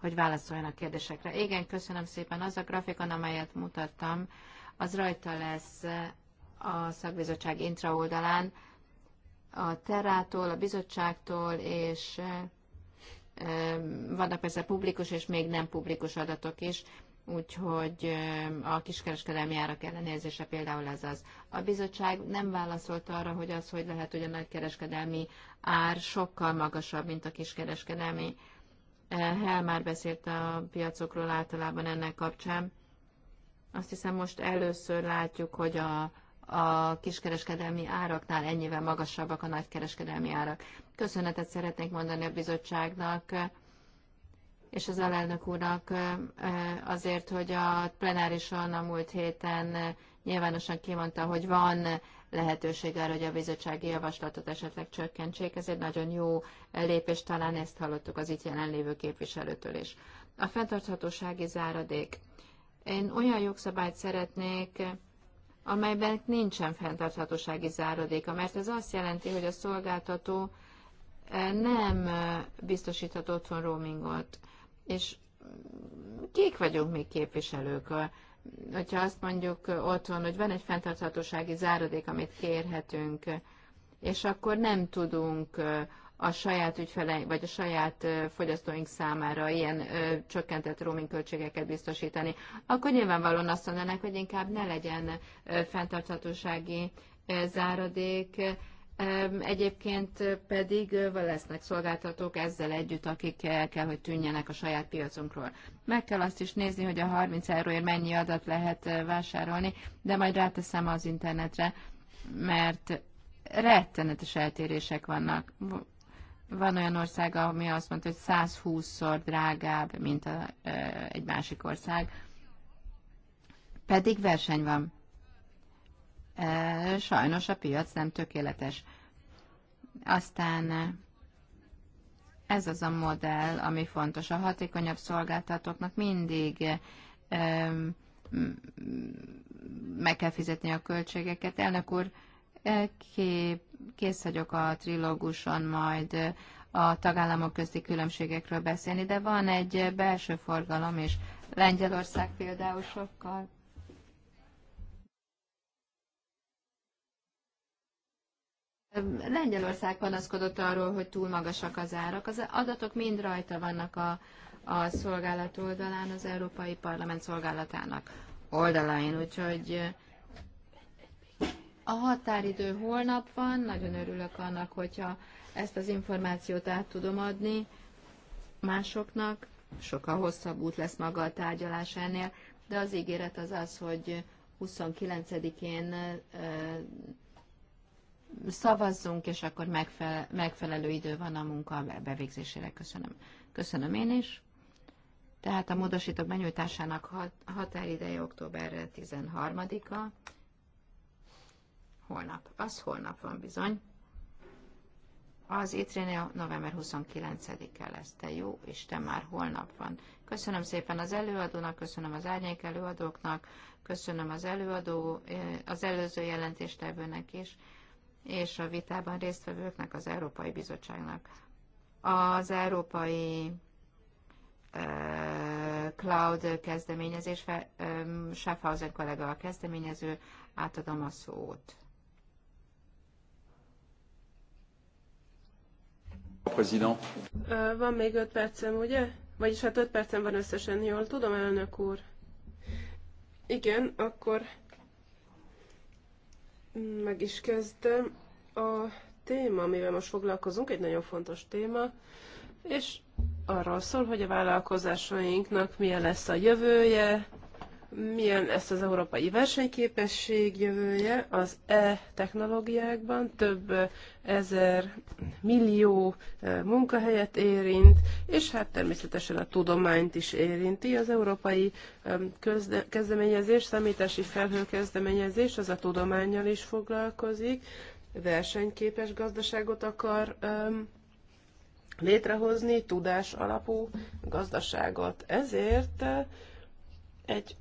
hogy a kérdésekre. Igen, köszönöm szépen. Az a grafikon, amelyet mutattam, az rajta lesz eh, a szakbizottság intra oldalán, a terától, a bizottságtól, és eh, vannak persze publikus és még nem publikus adatok is úgyhogy a kiskereskedelmi árak ellenérzése például ez az. A bizottság nem válaszolt arra, hogy az, hogy lehet, hogy a nagykereskedelmi ár sokkal magasabb, mint a kiskereskedelmi. Hel már beszélt a piacokról általában ennek kapcsán. Azt hiszem most először látjuk, hogy a, a kiskereskedelmi áraknál ennyivel magasabbak a nagykereskedelmi árak. Köszönetet szeretnék mondani a bizottságnak, és az alelnök úrnak azért, hogy a plenárison a múlt héten nyilvánosan kimondta, hogy van lehetőség arra, hogy a bizottsági javaslatot esetleg csökkentsék. Ez egy nagyon jó lépés, talán ezt hallottuk az itt jelenlévő képviselőtől is. A fenntarthatósági záradék. Én olyan jogszabályt szeretnék, amelyben nincsen fenntarthatósági záradéka, mert ez azt jelenti, hogy a szolgáltató nem biztosíthat otthon roamingot. És mm, kék vagyunk mi képviselők. Hogyha azt mondjuk otthon, hogy van egy fenntarthatósági záradék, amit kérhetünk, és akkor nem tudunk a saját ügyfeleink, vagy a saját fogyasztóink számára ilyen ö, csökkentett roaming költségeket biztosítani, akkor nyilvánvalóan azt mondanák, hogy inkább ne legyen ö, fenntarthatósági ö, záradék, Egyébként pedig lesznek szolgáltatók ezzel együtt, akik el kell, hogy tűnjenek a saját piacunkról. Meg kell azt is nézni, hogy a 30 euróért mennyi adat lehet vásárolni, de majd ráteszem az internetre, mert rettenetes eltérések vannak. Van olyan ország, ami azt mondta, hogy 120-szor drágább, mint a, egy másik ország. Pedig verseny van. E, sajnos a piac nem tökéletes. Aztán e, ez az a modell, ami fontos. A hatékonyabb szolgáltatóknak mindig e, meg kell fizetni a költségeket. Elnök úr, kész vagyok a trilóguson majd a tagállamok közti különbségekről beszélni, de van egy belső forgalom is. Lengyelország például sokkal Lengyelország panaszkodott arról, hogy túl magasak az árak. Az adatok mind rajta vannak a, a szolgálat oldalán, az Európai Parlament szolgálatának oldalain, úgyhogy a határidő holnap van, nagyon örülök annak, hogyha ezt az információt át tudom adni másoknak. Sokkal hosszabb út lesz maga a tárgyalás ennél, de az ígéret az az, hogy 29-én szavazzunk, és akkor megfelelő idő van a munka bevégzésére. Köszönöm. Köszönöm én is. Tehát a módosítók benyújtásának határideje október 13-a. Holnap. Az holnap van bizony. Az étrénél november 29-e lesz. Te jó, és te már holnap van. Köszönöm szépen az előadónak, köszönöm az árnyék előadóknak, köszönöm az előadó, eh, az előző jelentéstevőnek is. És és a vitában résztvevőknek az Európai Bizottságnak. Az Európai Cloud kezdeményezés, Schaffhausen kollega a kezdeményező, átadom a szót. President. Van még öt percem, ugye? Vagyis hát öt percem van összesen, jól tudom, elnök úr. Igen, akkor meg is kezdtem. A téma, amivel most foglalkozunk, egy nagyon fontos téma, és arról szól, hogy a vállalkozásainknak milyen lesz a jövője, milyen ezt az európai versenyképesség jövője az e-technológiákban, több eh, ezer millió eh, munkahelyet érint, és hát természetesen a tudományt is érinti. Az európai közde- kezdeményezés, számítási felhőkezdeményezés az a tudományjal is foglalkozik, versenyképes gazdaságot akar létrehozni, tudás alapú gazdaságot. Ezért eh, egy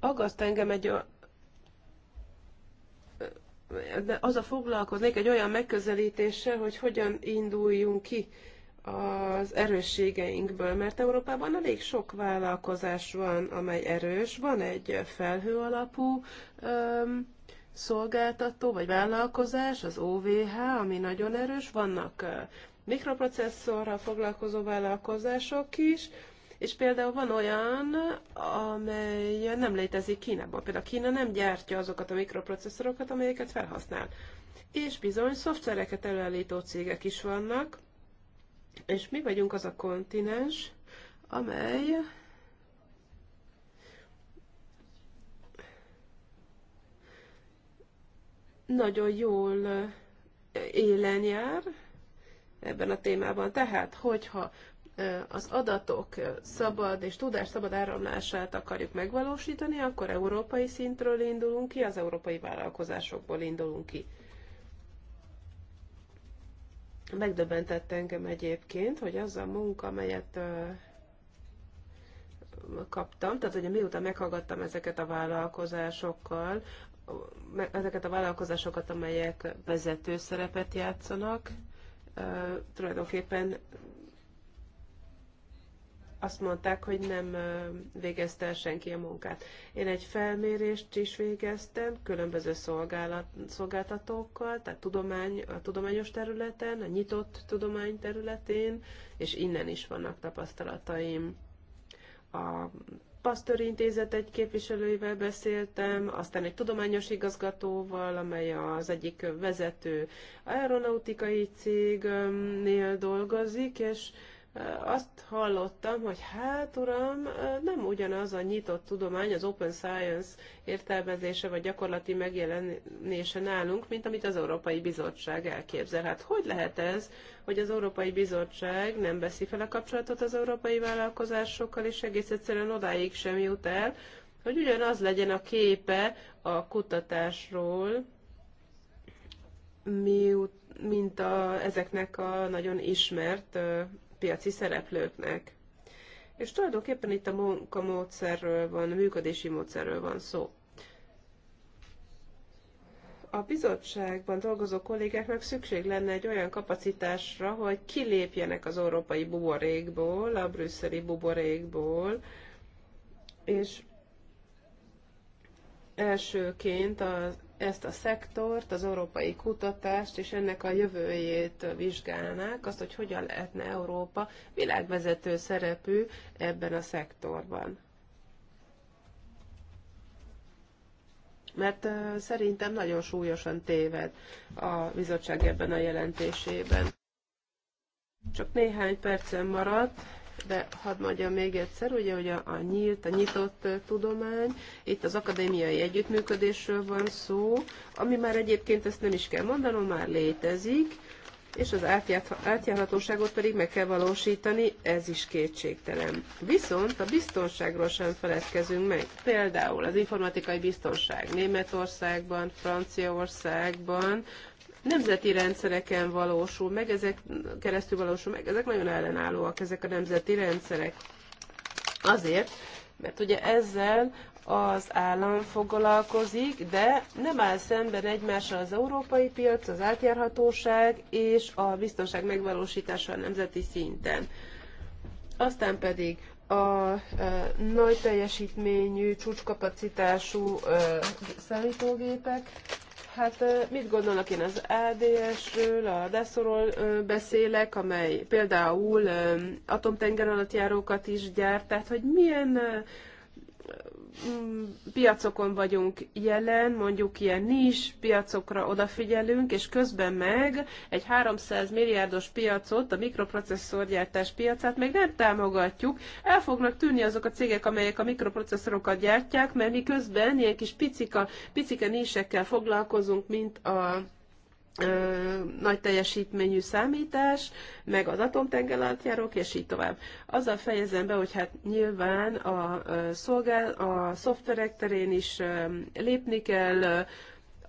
aggaszt engem egy de az a foglalkoznék egy olyan megközelítéssel, hogy hogyan induljunk ki az erősségeinkből, mert Európában elég sok vállalkozás van, amely erős. Van egy felhő alapú öm, szolgáltató vagy vállalkozás, az OVH, ami nagyon erős. Vannak mikroprocesszorral foglalkozó vállalkozások is, és például van olyan, amely nem létezik Kínában. Például Kína nem gyártja azokat a mikroprocesszorokat, amelyeket felhasznál. És bizony, szoftvereket előállító cégek is vannak, és mi vagyunk az a kontinens, amely nagyon jól eh, élen jár ebben a témában. Tehát, hogyha az adatok szabad és tudás szabad áramlását akarjuk megvalósítani, akkor európai szintről indulunk ki, az európai vállalkozásokból indulunk ki. Megdöbbentett engem egyébként, hogy az a munka, amelyet kaptam, tehát ugye miután meghallgattam ezeket a vállalkozásokkal, ezeket a vállalkozásokat, amelyek vezető szerepet játszanak, tulajdonképpen azt mondták, hogy nem végezte el senki a munkát. Én egy felmérést is végeztem különböző szolgálat, szolgáltatókkal, tehát tudomány, a tudományos területen, a nyitott tudomány területén, és innen is vannak tapasztalataim. A Pasztori Intézet egy képviselőivel beszéltem, aztán egy tudományos igazgatóval, amely az egyik vezető aeronautikai cégnél dolgozik, és azt hallottam, hogy hát uram, nem ugyanaz a nyitott tudomány, az open science értelmezése vagy gyakorlati megjelenése nálunk, mint amit az Európai Bizottság elképzel. Hát hogy lehet ez, hogy az Európai Bizottság nem veszi fel a kapcsolatot az európai vállalkozásokkal, és egész egyszerűen odáig sem jut el, hogy ugyanaz legyen a képe a kutatásról, miut, mint a, ezeknek a nagyon ismert piaci szereplőknek. És tulajdonképpen itt a munkamódszerről van, a működési módszerről van szó. A bizottságban dolgozó kollégáknak szükség lenne egy olyan kapacitásra, hogy kilépjenek az európai buborékból, a brüsszeli buborékból, és elsőként az ezt a szektort, az európai kutatást és ennek a jövőjét vizsgálnák, azt, hogy hogyan lehetne Európa világvezető szerepű ebben a szektorban. Mert szerintem nagyon súlyosan téved a bizottság ebben a jelentésében. Csak néhány percen maradt de hadd mondjam még egyszer, ugye, hogy a, a nyílt, a nyitott tudomány, itt az akadémiai együttműködésről van szó, ami már egyébként ezt nem is kell mondanom, már létezik, és az átjárhatóságot pedig meg kell valósítani, ez is kétségtelen. Viszont a biztonságról sem feledkezünk meg. Például az informatikai biztonság Németországban, Franciaországban, nemzeti rendszereken valósul meg, ezek keresztül valósul meg, ezek nagyon ellenállóak, ezek a nemzeti rendszerek. Azért, mert ugye ezzel az állam foglalkozik, de nem áll szemben egymással az európai piac, az átjárhatóság és a biztonság megvalósítása a nemzeti szinten. Aztán pedig a nagy teljesítményű, csúcskapacitású számítógépek Hát mit gondolnak én az ADS-ről, a DASZ-ról beszélek, amely például atomtenger alatt járókat is gyárt, tehát hogy milyen Mm, piacokon vagyunk jelen, mondjuk ilyen nis piacokra odafigyelünk, és közben meg egy 300 milliárdos piacot, a mikroprocesszorgyártás piacát még nem támogatjuk. El fognak tűnni azok a cégek, amelyek a mikroprocesszorokat gyártják, mert mi közben ilyen kis picika, picike nisekkel foglalkozunk, mint a ö, nagy teljesítményű számítás, meg az átjárók, és így tovább. Azzal fejezem be, hogy hát nyilván a, szolgál, a szoftverek terén is ö, lépni kell, ö,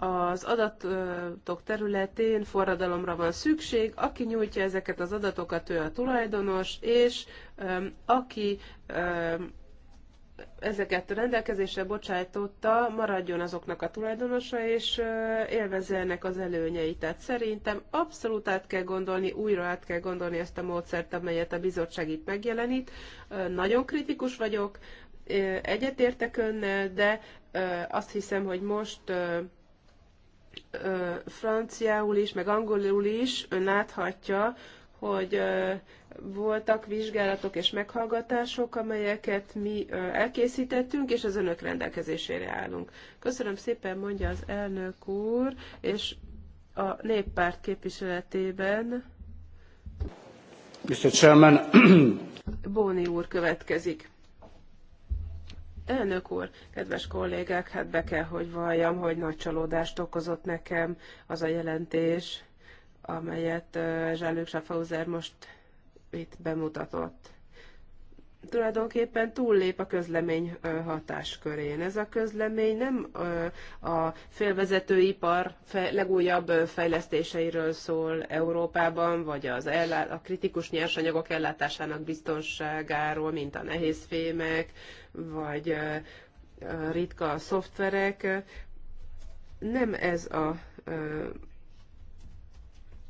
az adatok területén forradalomra van szükség, aki nyújtja ezeket az adatokat, ő a tulajdonos, és öm, aki öm, ezeket a rendelkezésre bocsájtotta, maradjon azoknak a tulajdonosa, és élvezze ennek az előnyeit. Tehát szerintem abszolút át kell gondolni, újra át kell gondolni ezt a módszert, amelyet a bizottság itt megjelenít. Nagyon kritikus vagyok, egyetértek önnel, de azt hiszem, hogy most franciául is, meg angolul is ön láthatja, hogy voltak vizsgálatok és meghallgatások, amelyeket mi elkészítettünk, és az önök rendelkezésére állunk. Köszönöm szépen, mondja az elnök úr, és a néppárt képviseletében. Mr. Chairman. Bóni úr következik. Elnök úr, kedves kollégák, hát be kell, hogy valljam, hogy nagy csalódást okozott nekem az a jelentés, amelyet Zsánlők Schaffhauser most itt bemutatott. Tulajdonképpen túllép a közlemény hatáskörén. Ez a közlemény nem a félvezetőipar legújabb fejlesztéseiről szól Európában, vagy az a kritikus nyersanyagok ellátásának biztonságáról, mint a nehézfémek, vagy ritka szoftverek. Nem ez a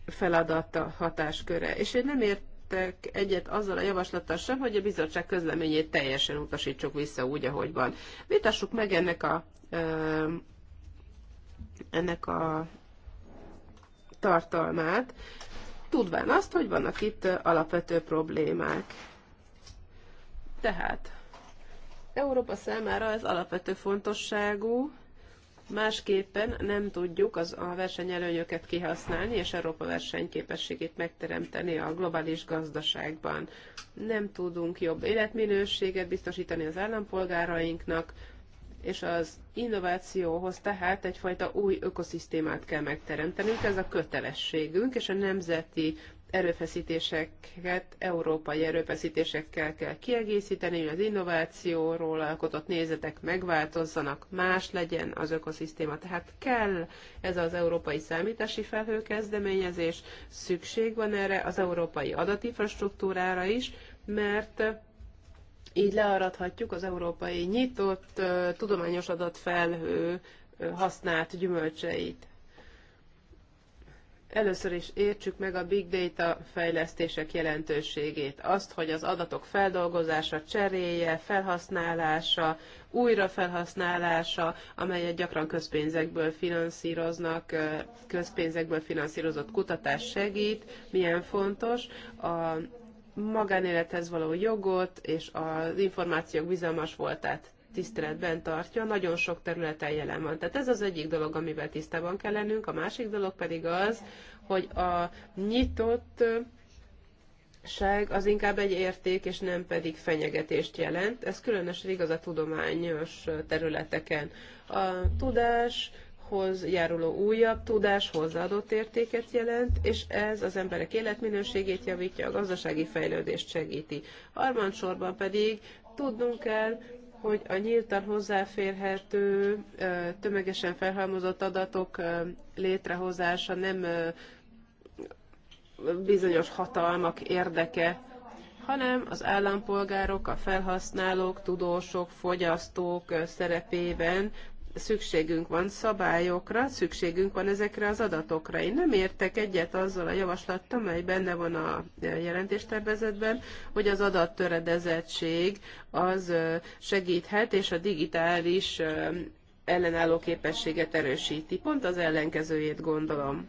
feladata, hatásköre. És én nem ért értek egyet azzal a javaslattal sem, hogy a bizottság közleményét teljesen utasítsuk vissza úgy, ahogy van. Vitassuk meg ennek a, ennek a tartalmát, tudván azt, hogy vannak itt alapvető problémák. Tehát Európa számára ez alapvető fontosságú, Másképpen nem tudjuk az, a versenyelőnyöket kihasználni, és Európa versenyképességét megteremteni a globális gazdaságban. Nem tudunk jobb életminőséget biztosítani az állampolgárainknak, és az innovációhoz tehát egyfajta új ökoszisztémát kell megteremtenünk, ez a kötelességünk, és a nemzeti erőfeszítéseket európai erőfeszítésekkel kell kiegészíteni, hogy az innovációról alkotott nézetek megváltozzanak, más legyen az ökoszisztéma. Tehát kell ez az európai számítási felhőkezdeményezés, szükség van erre az európai adatinfrastruktúrára is, mert így learadhatjuk az európai nyitott tudományos adatfelhő használt gyümölcseit. Először is értsük meg a big data fejlesztések jelentőségét, azt, hogy az adatok feldolgozása, cseréje, felhasználása, újrafelhasználása, amelyet gyakran közpénzekből finanszíroznak, közpénzekből finanszírozott kutatás segít, milyen fontos. A magánélethez való jogot és az információk bizalmas voltát tiszteletben tartja, nagyon sok területen jelen van. Tehát ez az egyik dolog, amivel tisztában kell lennünk, a másik dolog pedig az, hogy a nyitott az inkább egy érték, és nem pedig fenyegetést jelent. Ez különösen igaz a tudományos területeken. A tudáshoz járuló újabb tudás hozzáadott értéket jelent, és ez az emberek életminőségét javítja, a gazdasági fejlődést segíti. Harmadsorban pedig tudnunk kell, hogy a nyíltan hozzáférhető, tömegesen felhalmozott adatok létrehozása nem bizonyos hatalmak érdeke, hanem az állampolgárok, a felhasználók, tudósok, fogyasztók szerepében szükségünk van szabályokra, szükségünk van ezekre az adatokra. Én nem értek egyet azzal a javaslattal, amely benne van a jelentéstervezetben, hogy az adattöredezettség az segíthet, és a digitális ellenálló képességet erősíti. Pont az ellenkezőjét gondolom.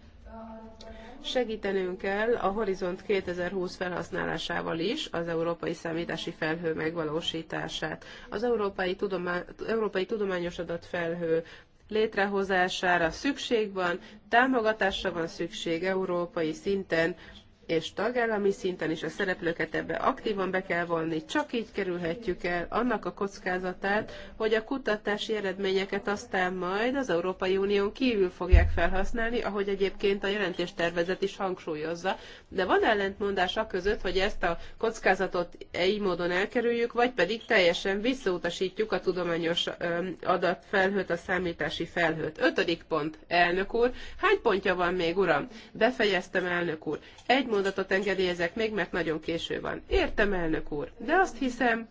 Segítenünk kell a Horizont 2020 felhasználásával is az európai számítási felhő megvalósítását. Az európai, tudomá- európai tudományos adatfelhő létrehozására szükség van, támogatásra van szükség európai szinten és tagállami szinten is a szereplőket ebbe aktívan be kell vonni. Csak így kerülhetjük el annak a kockázatát, hogy a kutatási eredményeket aztán majd az Európai Unión kívül fogják felhasználni, ahogy egyébként a jelentéstervezet is hangsúlyozza. De van ellentmondás a között, hogy ezt a kockázatot egy módon elkerüljük, vagy pedig teljesen visszautasítjuk a tudományos adatfelhőt, a számítási felhőt. Ötödik pont, elnök úr. Hány pontja van még, uram? Befejeztem, elnök úr. Egy mondatot engedélyezek még, mert nagyon késő van. Értem, elnök úr, de azt hiszem,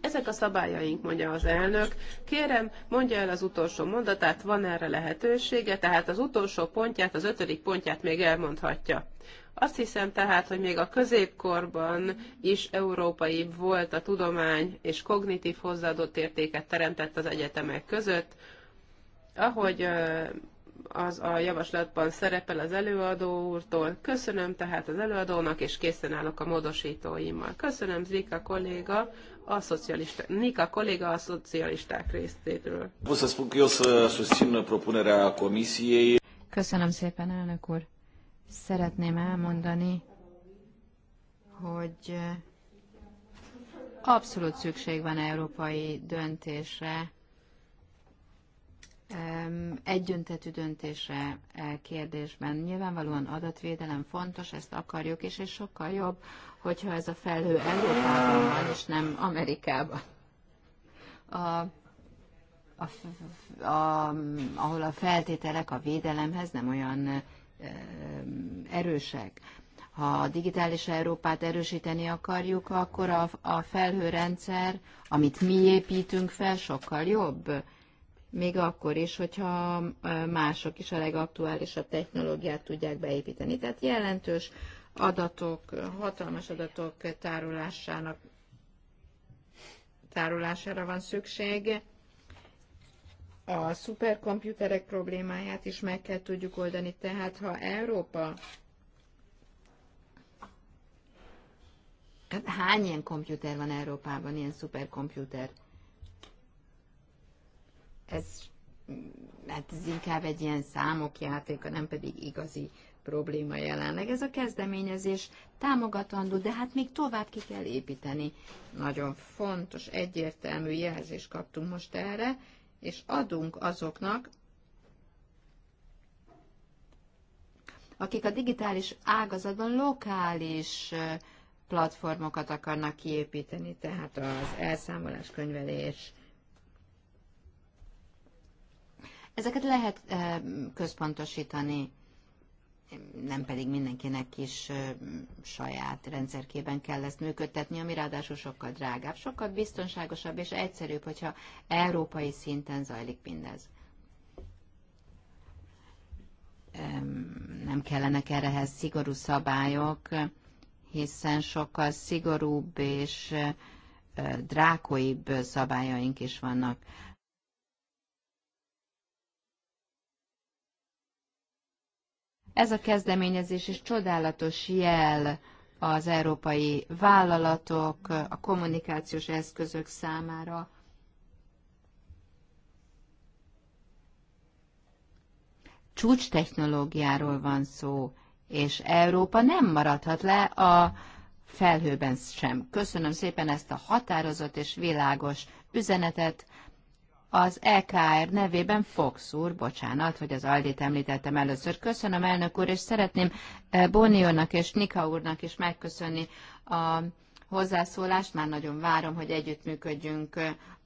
ezek a szabályaink, mondja az elnök. Kérem, mondja el az utolsó mondatát, van erre lehetősége, tehát az utolsó pontját, az ötödik pontját még elmondhatja. Azt hiszem tehát, hogy még a középkorban is európai volt a tudomány, és kognitív hozzáadott értéket teremtett az egyetemek között. Ahogy az a javaslatban szerepel az előadó úrtól. Köszönöm tehát az előadónak, és készen állok a módosítóimmal. Köszönöm Zika kolléga, a szocialista, Nika kolléga a szocialisták részéről. Köszönöm szépen, elnök úr. Szeretném elmondani, hogy abszolút szükség van európai döntésre, egyöntetű döntésre e, kérdésben. Nyilvánvalóan adatvédelem fontos, ezt akarjuk, és ez sokkal jobb, hogyha ez a felhő Európában van, és nem Amerikában. A a, a, ahol a feltételek a védelemhez nem olyan e, erősek. Ha a digitális Európát erősíteni akarjuk, akkor a, a felhőrendszer, amit mi építünk fel, sokkal jobb még akkor is, hogyha mások is a legaktuálisabb technológiát tudják beépíteni. Tehát jelentős adatok, hatalmas adatok tárolásának tárolására van szükség. A szuperkomputerek problémáját is meg kell tudjuk oldani, tehát ha Európa hát Hány ilyen komputer van Európában, ilyen szuperkomputer? ez, hát ez inkább egy ilyen számok játéka, nem pedig igazi probléma jelenleg. Ez a kezdeményezés támogatandó, de hát még tovább ki kell építeni. Nagyon fontos, egyértelmű jelzést kaptunk most erre, és adunk azoknak, akik a digitális ágazatban lokális platformokat akarnak kiépíteni, tehát az elszámolás könyvelés, Ezeket lehet központosítani, nem pedig mindenkinek is saját rendszerkében kell ezt működtetni, ami ráadásul sokkal drágább, sokkal biztonságosabb és egyszerűbb, hogyha európai szinten zajlik mindez nem kellenek errehez szigorú szabályok, hiszen sokkal szigorúbb és drákoibb szabályaink is vannak. Ez a kezdeményezés is csodálatos jel az európai vállalatok, a kommunikációs eszközök számára. Csúcs technológiáról van szó, és Európa nem maradhat le a felhőben sem. Köszönöm szépen ezt a határozott és világos üzenetet, az EKR nevében Fox úr, bocsánat, hogy az Aldit említettem először. Köszönöm, elnök úr, és szeretném eh, Boniónak és Nika úrnak is megköszönni a hozzászólást, már nagyon várom, hogy együttműködjünk.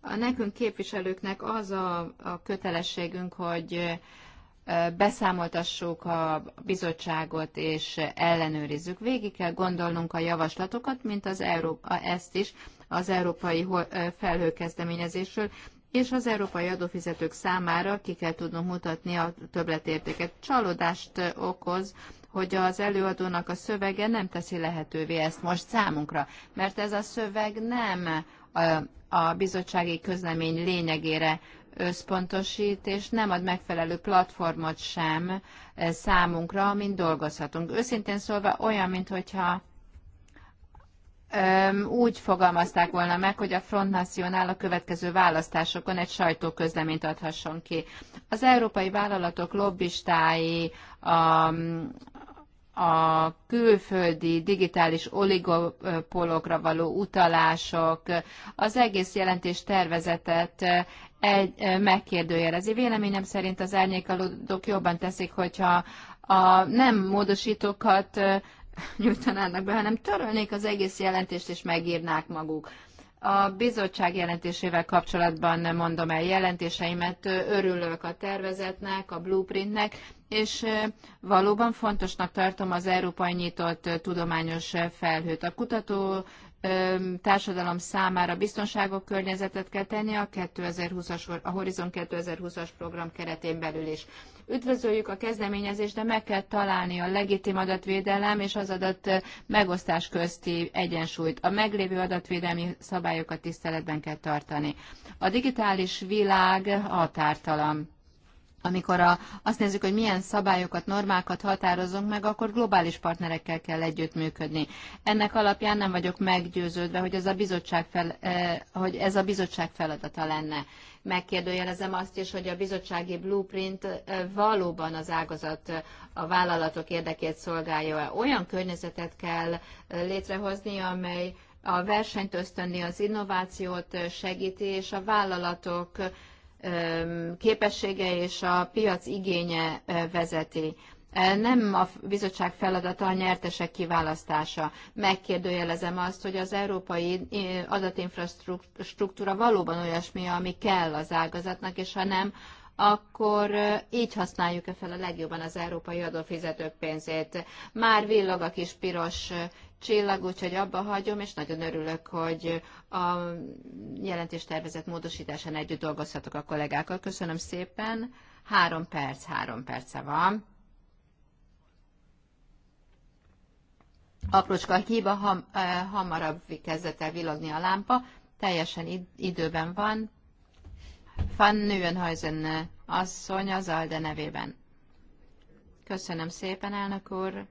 A nekünk képviselőknek az a, a kötelességünk, hogy eh, beszámoltassuk a bizottságot és ellenőrizzük. Végig kell gondolnunk a javaslatokat, mint az Európa, ezt is az európai eh, felhőkezdeményezésről, és az európai adófizetők számára ki kell tudnunk mutatni a többletértéket. Csalódást okoz, hogy az előadónak a szövege nem teszi lehetővé ezt most számunkra, mert ez a szöveg nem a, bizottsági közlemény lényegére összpontosít, és nem ad megfelelő platformot sem számunkra, amin dolgozhatunk. Őszintén szólva olyan, mintha úgy fogalmazták volna meg, hogy a Front National a következő választásokon egy sajtóközleményt adhasson ki. Az európai vállalatok lobbistái a, a külföldi digitális oligopolokra való utalások, az egész jelentés tervezetet eh, egy, eh, megkérdőjelezi. Véleményem szerint az árnyékalódók jobban teszik, hogyha a nem módosítókat eh, nyújtanának be, hanem törölnék az egész jelentést és megírnák maguk. A bizottság jelentésével kapcsolatban mondom el jelentéseimet, örülök a tervezetnek, a blueprintnek, és valóban fontosnak tartom az Európai Nyitott Tudományos Felhőt. A kutató társadalom számára biztonságok környezetet kell tenni a 2020-as, a Horizon 2020-as program keretén belül is. Üdvözöljük a kezdeményezést, de meg kell találni a legitim adatvédelem és az adat megosztás közti egyensúlyt. A meglévő adatvédelmi szabályokat tiszteletben kell tartani. A digitális világ határtalan amikor a, azt nézzük, hogy milyen szabályokat, normákat határozunk meg, akkor globális partnerekkel kell együttműködni. Ennek alapján nem vagyok meggyőződve, hogy ez a bizottság, fel, eh, hogy ez a bizottság feladata lenne. Megkérdőjelezem azt is, hogy a bizottsági blueprint valóban az ágazat a vállalatok érdekét szolgálja. Olyan környezetet kell létrehozni, amely a versenyt ösztönni, az innovációt segíti, és a vállalatok képessége és a piac igénye vezeti. E, nem a bizottság feladata a nyertesek kiválasztása. Megkérdőjelezem azt, hogy az európai adatinfrastruktúra valóban olyasmi, ami kell az ágazatnak, és ha nem, akkor így használjuk-e fel a legjobban az európai adófizetők pénzét. Már villog a kis piros csillag, úgyhogy abba hagyom, és nagyon örülök, hogy a jelentéstervezet módosításán együtt dolgozhatok a kollégákkal. Köszönöm szépen. Három perc, három perce van. Aprócska hiba, ham, hamarabb kezdett el villogni a lámpa, teljesen időben van. Van Nőenhajzen asszony az Alde nevében. Köszönöm szépen, elnök úr.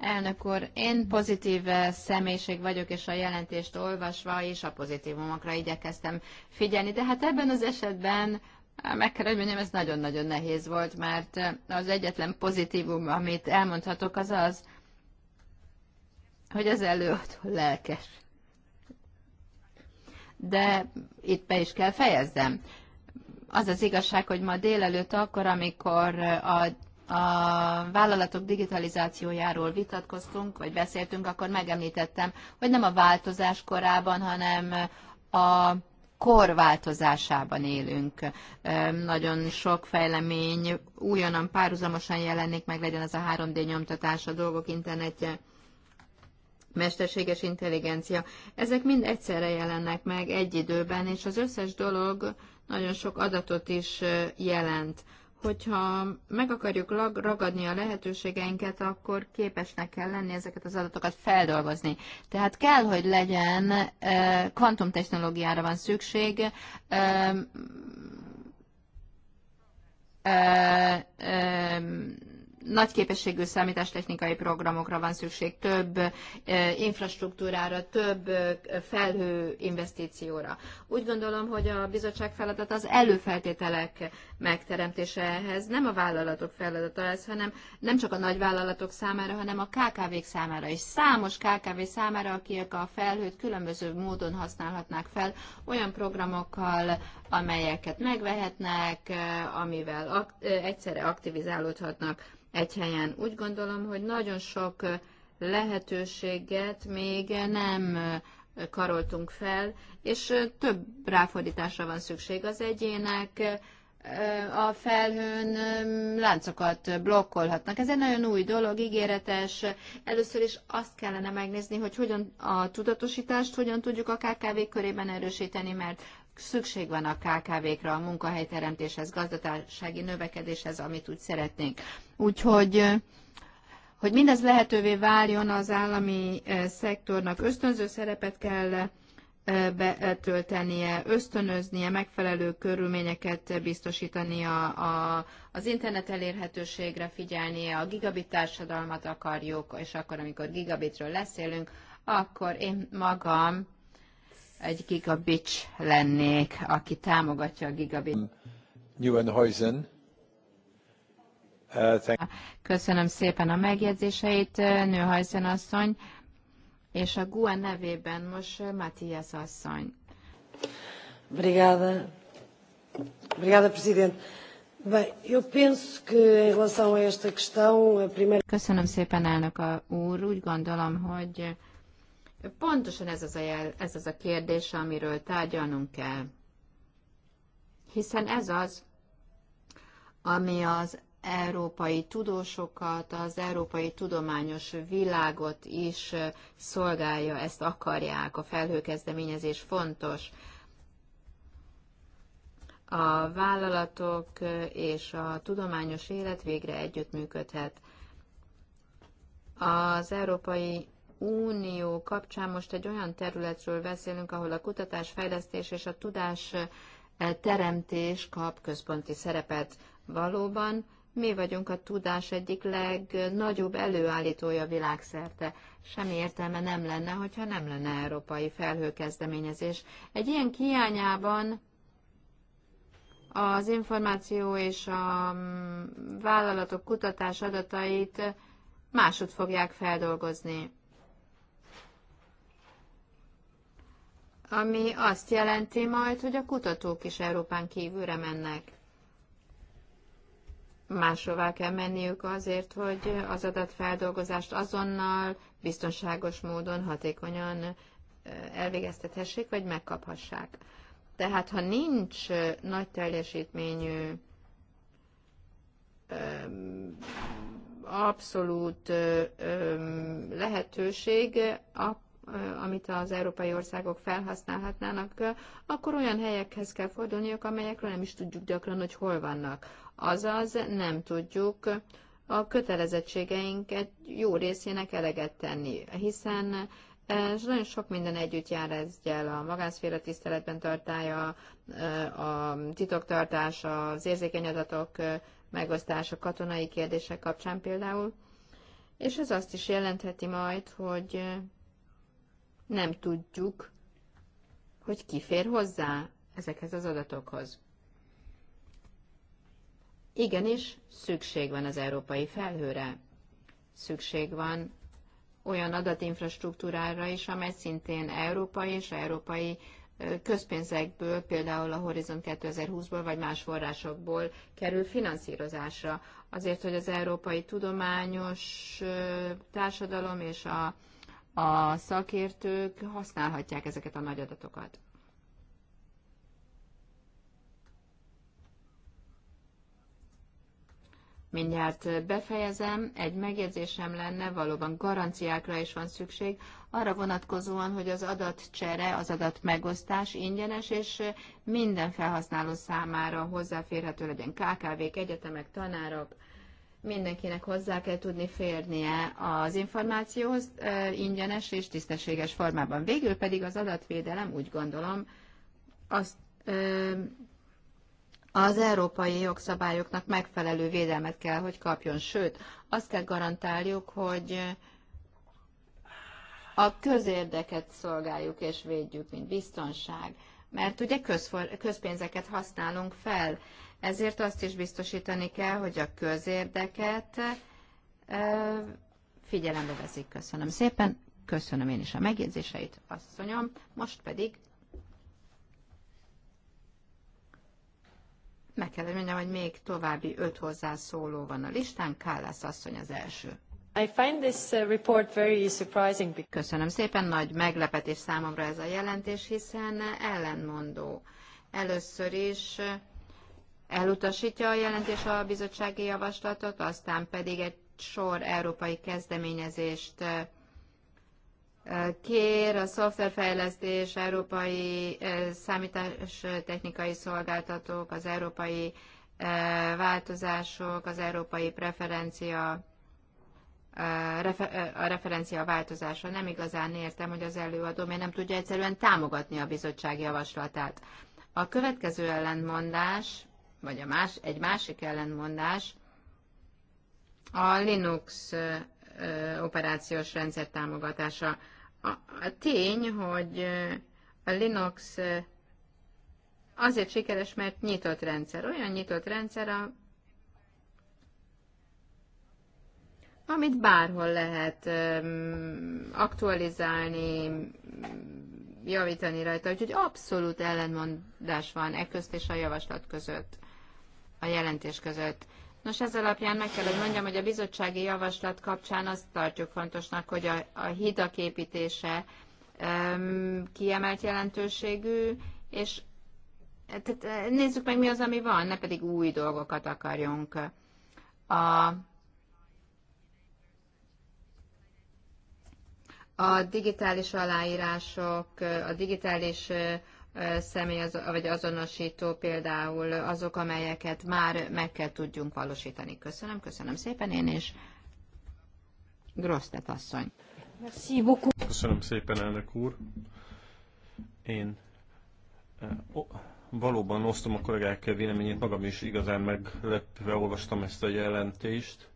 Elnök úr, én pozitív személyiség vagyok, és a jelentést olvasva és a pozitívumokra igyekeztem figyelni, de hát ebben az esetben meg kell, hogy mondjam, ez nagyon-nagyon nehéz volt, mert az egyetlen pozitívum, amit elmondhatok, az az, hogy az előadó lelkes. De itt be is kell fejezzem. Az az igazság, hogy ma délelőtt akkor, amikor a a vállalatok digitalizációjáról vitatkoztunk, vagy beszéltünk, akkor megemlítettem, hogy nem a változás korában, hanem a kor változásában élünk. Nagyon sok fejlemény újonnan párhuzamosan jelenik meg, legyen az a 3D nyomtatás, a dolgok internetje, mesterséges intelligencia. Ezek mind egyszerre jelennek meg egy időben, és az összes dolog nagyon sok adatot is jelent. Hogyha meg akarjuk ragadni a lehetőségeinket, akkor képesnek kell lenni ezeket az adatokat feldolgozni. Tehát kell, hogy legyen, kvantumtechnológiára van szükség, nagy képességű számítástechnikai programokra van szükség, több infrastruktúrára, több felhő investícióra. Úgy gondolom, hogy a bizottság feladat az előfeltételek megteremtése ehhez, nem a vállalatok feladata ez, hanem nem csak a nagyvállalatok számára, hanem a KKV-k számára is. Számos KKV számára, akik a felhőt különböző módon használhatnák fel, olyan programokkal, amelyeket megvehetnek, amivel ak- egyszerre aktivizálódhatnak egy helyen. Úgy gondolom, hogy nagyon sok lehetőséget még nem karoltunk fel, és több ráfordításra van szükség az egyének, a felhőn láncokat blokkolhatnak. Ez egy nagyon új dolog, ígéretes. Először is azt kellene megnézni, hogy hogyan a tudatosítást hogyan tudjuk a KKV körében erősíteni, mert szükség van a KKV-kra, a munkahelyteremtéshez, gazdasági növekedéshez, amit úgy szeretnénk. Úgyhogy hogy mindez lehetővé váljon, az állami szektornak ösztönző szerepet kell betöltenie, ösztönöznie, megfelelő körülményeket biztosítania, a, az internet elérhetőségre figyelnie, a gigabit társadalmat akarjuk, és akkor, amikor gigabitről leszélünk, akkor én magam egy gigabics lennék, aki támogatja a gigabit. Neuenhuizen. Uh, eh, Köszönöm szépen a megjegyzéseit, eh, Nőhajzen asszony, és a GUA nevében most eh, Matthias asszony. Obrigada. Obrigada, Presidente. Köszönöm szépen, elnök úr. Úgy gondolom, hogy Pontosan ez az a, jel, ez az a kérdés, amiről tárgyalnunk kell. Hiszen ez az, ami az európai tudósokat, az európai tudományos világot is szolgálja, ezt akarják, a felhőkezdeményezés fontos. A vállalatok és a tudományos élet végre együttműködhet. Az európai Unió kapcsán most egy olyan területről beszélünk, ahol a kutatás, fejlesztés és a tudás eh, teremtés kap központi szerepet. Valóban mi vagyunk a tudás egyik legnagyobb előállítója világszerte. Semmi értelme nem lenne, hogyha nem lenne európai felhőkezdeményezés. Egy ilyen hiányában az információ és a mm, vállalatok kutatás adatait máshogy fogják feldolgozni. ami azt jelenti majd, hogy a kutatók is Európán kívülre mennek. Máshová kell menniük azért, hogy az adatfeldolgozást azonnal, biztonságos módon, hatékonyan elvégeztethessék, vagy megkaphassák. Tehát, ha nincs nagy teljesítményű, abszolút lehetőség, akkor amit az európai országok felhasználhatnának, akkor olyan helyekhez kell fordulniuk, amelyekről nem is tudjuk gyakran, hogy hol vannak. Azaz nem tudjuk a kötelezettségeinket jó részének eleget tenni, hiszen és nagyon sok minden együtt jár ezzel, a magánszféra tiszteletben tartája, a titoktartás, az érzékeny adatok megosztása katonai kérdések kapcsán például. És ez azt is jelentheti majd, hogy nem tudjuk, hogy ki fér hozzá ezekhez az adatokhoz. Igenis, szükség van az európai felhőre. Szükség van olyan adatinfrastruktúrára is, amely szintén európai és európai közpénzekből, például a Horizon 2020-ból vagy más forrásokból kerül finanszírozásra, azért, hogy az európai tudományos társadalom és a a szakértők használhatják ezeket a nagy adatokat. Mindjárt befejezem, egy megjegyzésem lenne, valóban garanciákra is van szükség, arra vonatkozóan, hogy az adatcsere, az adatmegosztás ingyenes, és minden felhasználó számára hozzáférhető legyen KKV-k, egyetemek, tanárok, mindenkinek hozzá kell tudni férnie az információhoz ingyenes és tisztességes formában. Végül pedig az adatvédelem úgy gondolom, azt az európai jogszabályoknak megfelelő védelmet kell, hogy kapjon. Sőt, azt kell garantáljuk, hogy a közérdeket szolgáljuk és védjük, mint biztonság. Mert ugye közpénzeket használunk fel, ezért azt is biztosítani kell, hogy a közérdeket figyelembe veszik. Köszönöm szépen, köszönöm én is a megjegyzéseit, asszonyom. Most pedig meg kell mondjam, hogy még további öt hozzászóló van a listán. Kállász asszony az első. I find this uh, report very surprising. Köszönöm szépen, nagy meglepetés számomra ez a jelentés, hiszen ellenmondó. Először is elutasítja a jelentés a bizottsági javaslatot, aztán pedig egy sor európai kezdeményezést kér a szoftverfejlesztés, európai számítástechnikai szolgáltatók, az európai változások, az európai preferencia a referencia változása. Nem igazán értem, hogy az előadó miért nem tudja egyszerűen támogatni a bizottság javaslatát. A következő ellentmondás vagy a más, egy másik ellenmondás a Linux operációs rendszer támogatása. A, a tény, hogy a Linux azért sikeres, mert nyitott rendszer. Olyan nyitott rendszer, a, amit bárhol lehet aktualizálni, javítani rajta. Úgyhogy abszolút ellenmondás van e közt és a javaslat között a jelentés között. Nos, ez alapján meg kell, hogy mondjam, hogy a bizottsági javaslat kapcsán azt tartjuk fontosnak, hogy a, a hidak építése um, kiemelt jelentőségű, és tehát nézzük meg, mi az, ami van, ne pedig új dolgokat akarjunk. A, a digitális aláírások, a digitális személy, az, vagy azonosító például azok, amelyeket már meg kell tudjunk valósítani. Köszönöm, köszönöm szépen én is. Grosztet asszony. Köszönöm szépen, elnök úr. Én valóban osztom a kollégák véleményét, magam is igazán meglepve olvastam ezt a jelentést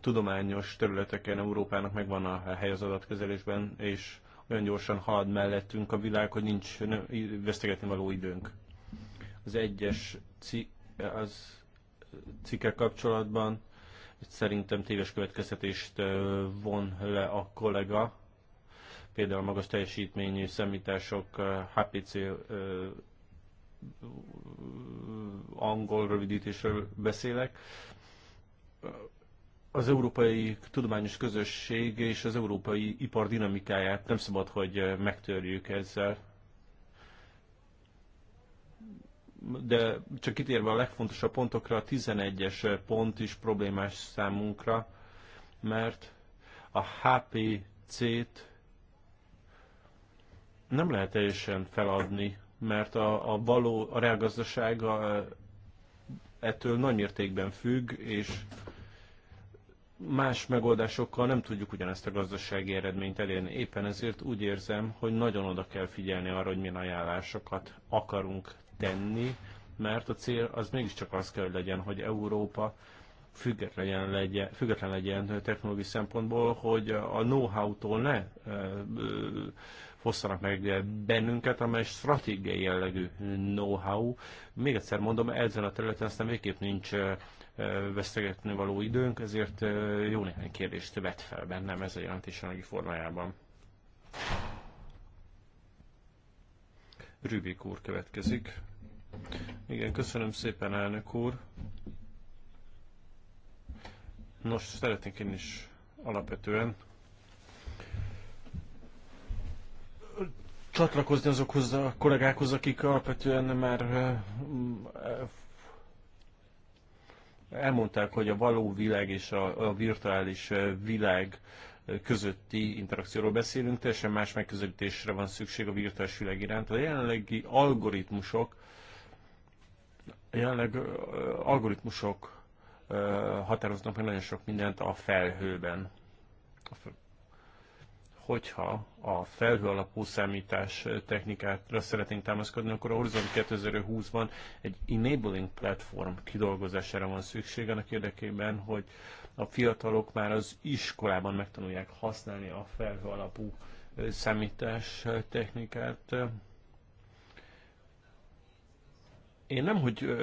tudományos területeken Európának megvan a hely az adatkezelésben, és olyan gyorsan halad mellettünk a világ, hogy nincs vesztegetni való időnk. Az egyes ci, az kapcsolatban szerintem téves következtetést von le a kollega, például magas teljesítményű szemítások HPC angol rövidítésről beszélek az európai tudományos közösség és az európai ipar dinamikáját nem szabad, hogy eh, megtörjük ezzel. De csak kitérve a legfontosabb pontokra, a 11-es pont is problémás számunkra, mert a HPC-t nem lehet teljesen feladni, mert a, a való, a reálgazdaság eh, ettől nagy mértékben függ, és más megoldásokkal nem tudjuk ugyanezt a gazdasági eredményt elérni. Éppen ezért úgy érzem, hogy nagyon oda kell figyelni arra, hogy milyen ajánlásokat akarunk tenni, mert a cél az mégiscsak az kell, hogy legyen, hogy Európa független legyen, független legyen technológiai szempontból, hogy a know-how-tól ne fosszanak meg bennünket, amely stratégiai jellegű know-how. Még egyszer mondom, ezen a területen aztán végképp nincs vesztegetni való időnk, ezért jó néhány kérdést vett fel bennem ez a jelentés anyagi formájában. Rübik úr következik. Igen, köszönöm szépen, elnök úr. Nos, szeretnék én is alapvetően csatlakozni azokhoz a kollégákhoz, akik alapvetően már elmondták, hogy a való világ és a, a virtuális világ közötti interakcióról beszélünk, teljesen más megközelítésre van szükség a virtuális világ iránt. A jelenlegi algoritmusok, a jelenleg algoritmusok határoznak meg nagyon sok mindent a felhőben hogyha a felhő alapú számítás technikára szeretnénk támaszkodni, akkor a Horizon 2020-ban egy enabling platform kidolgozására van szükség annak érdekében, hogy a fiatalok már az iskolában megtanulják használni a felhő alapú számítás technikát. Én nem, hogy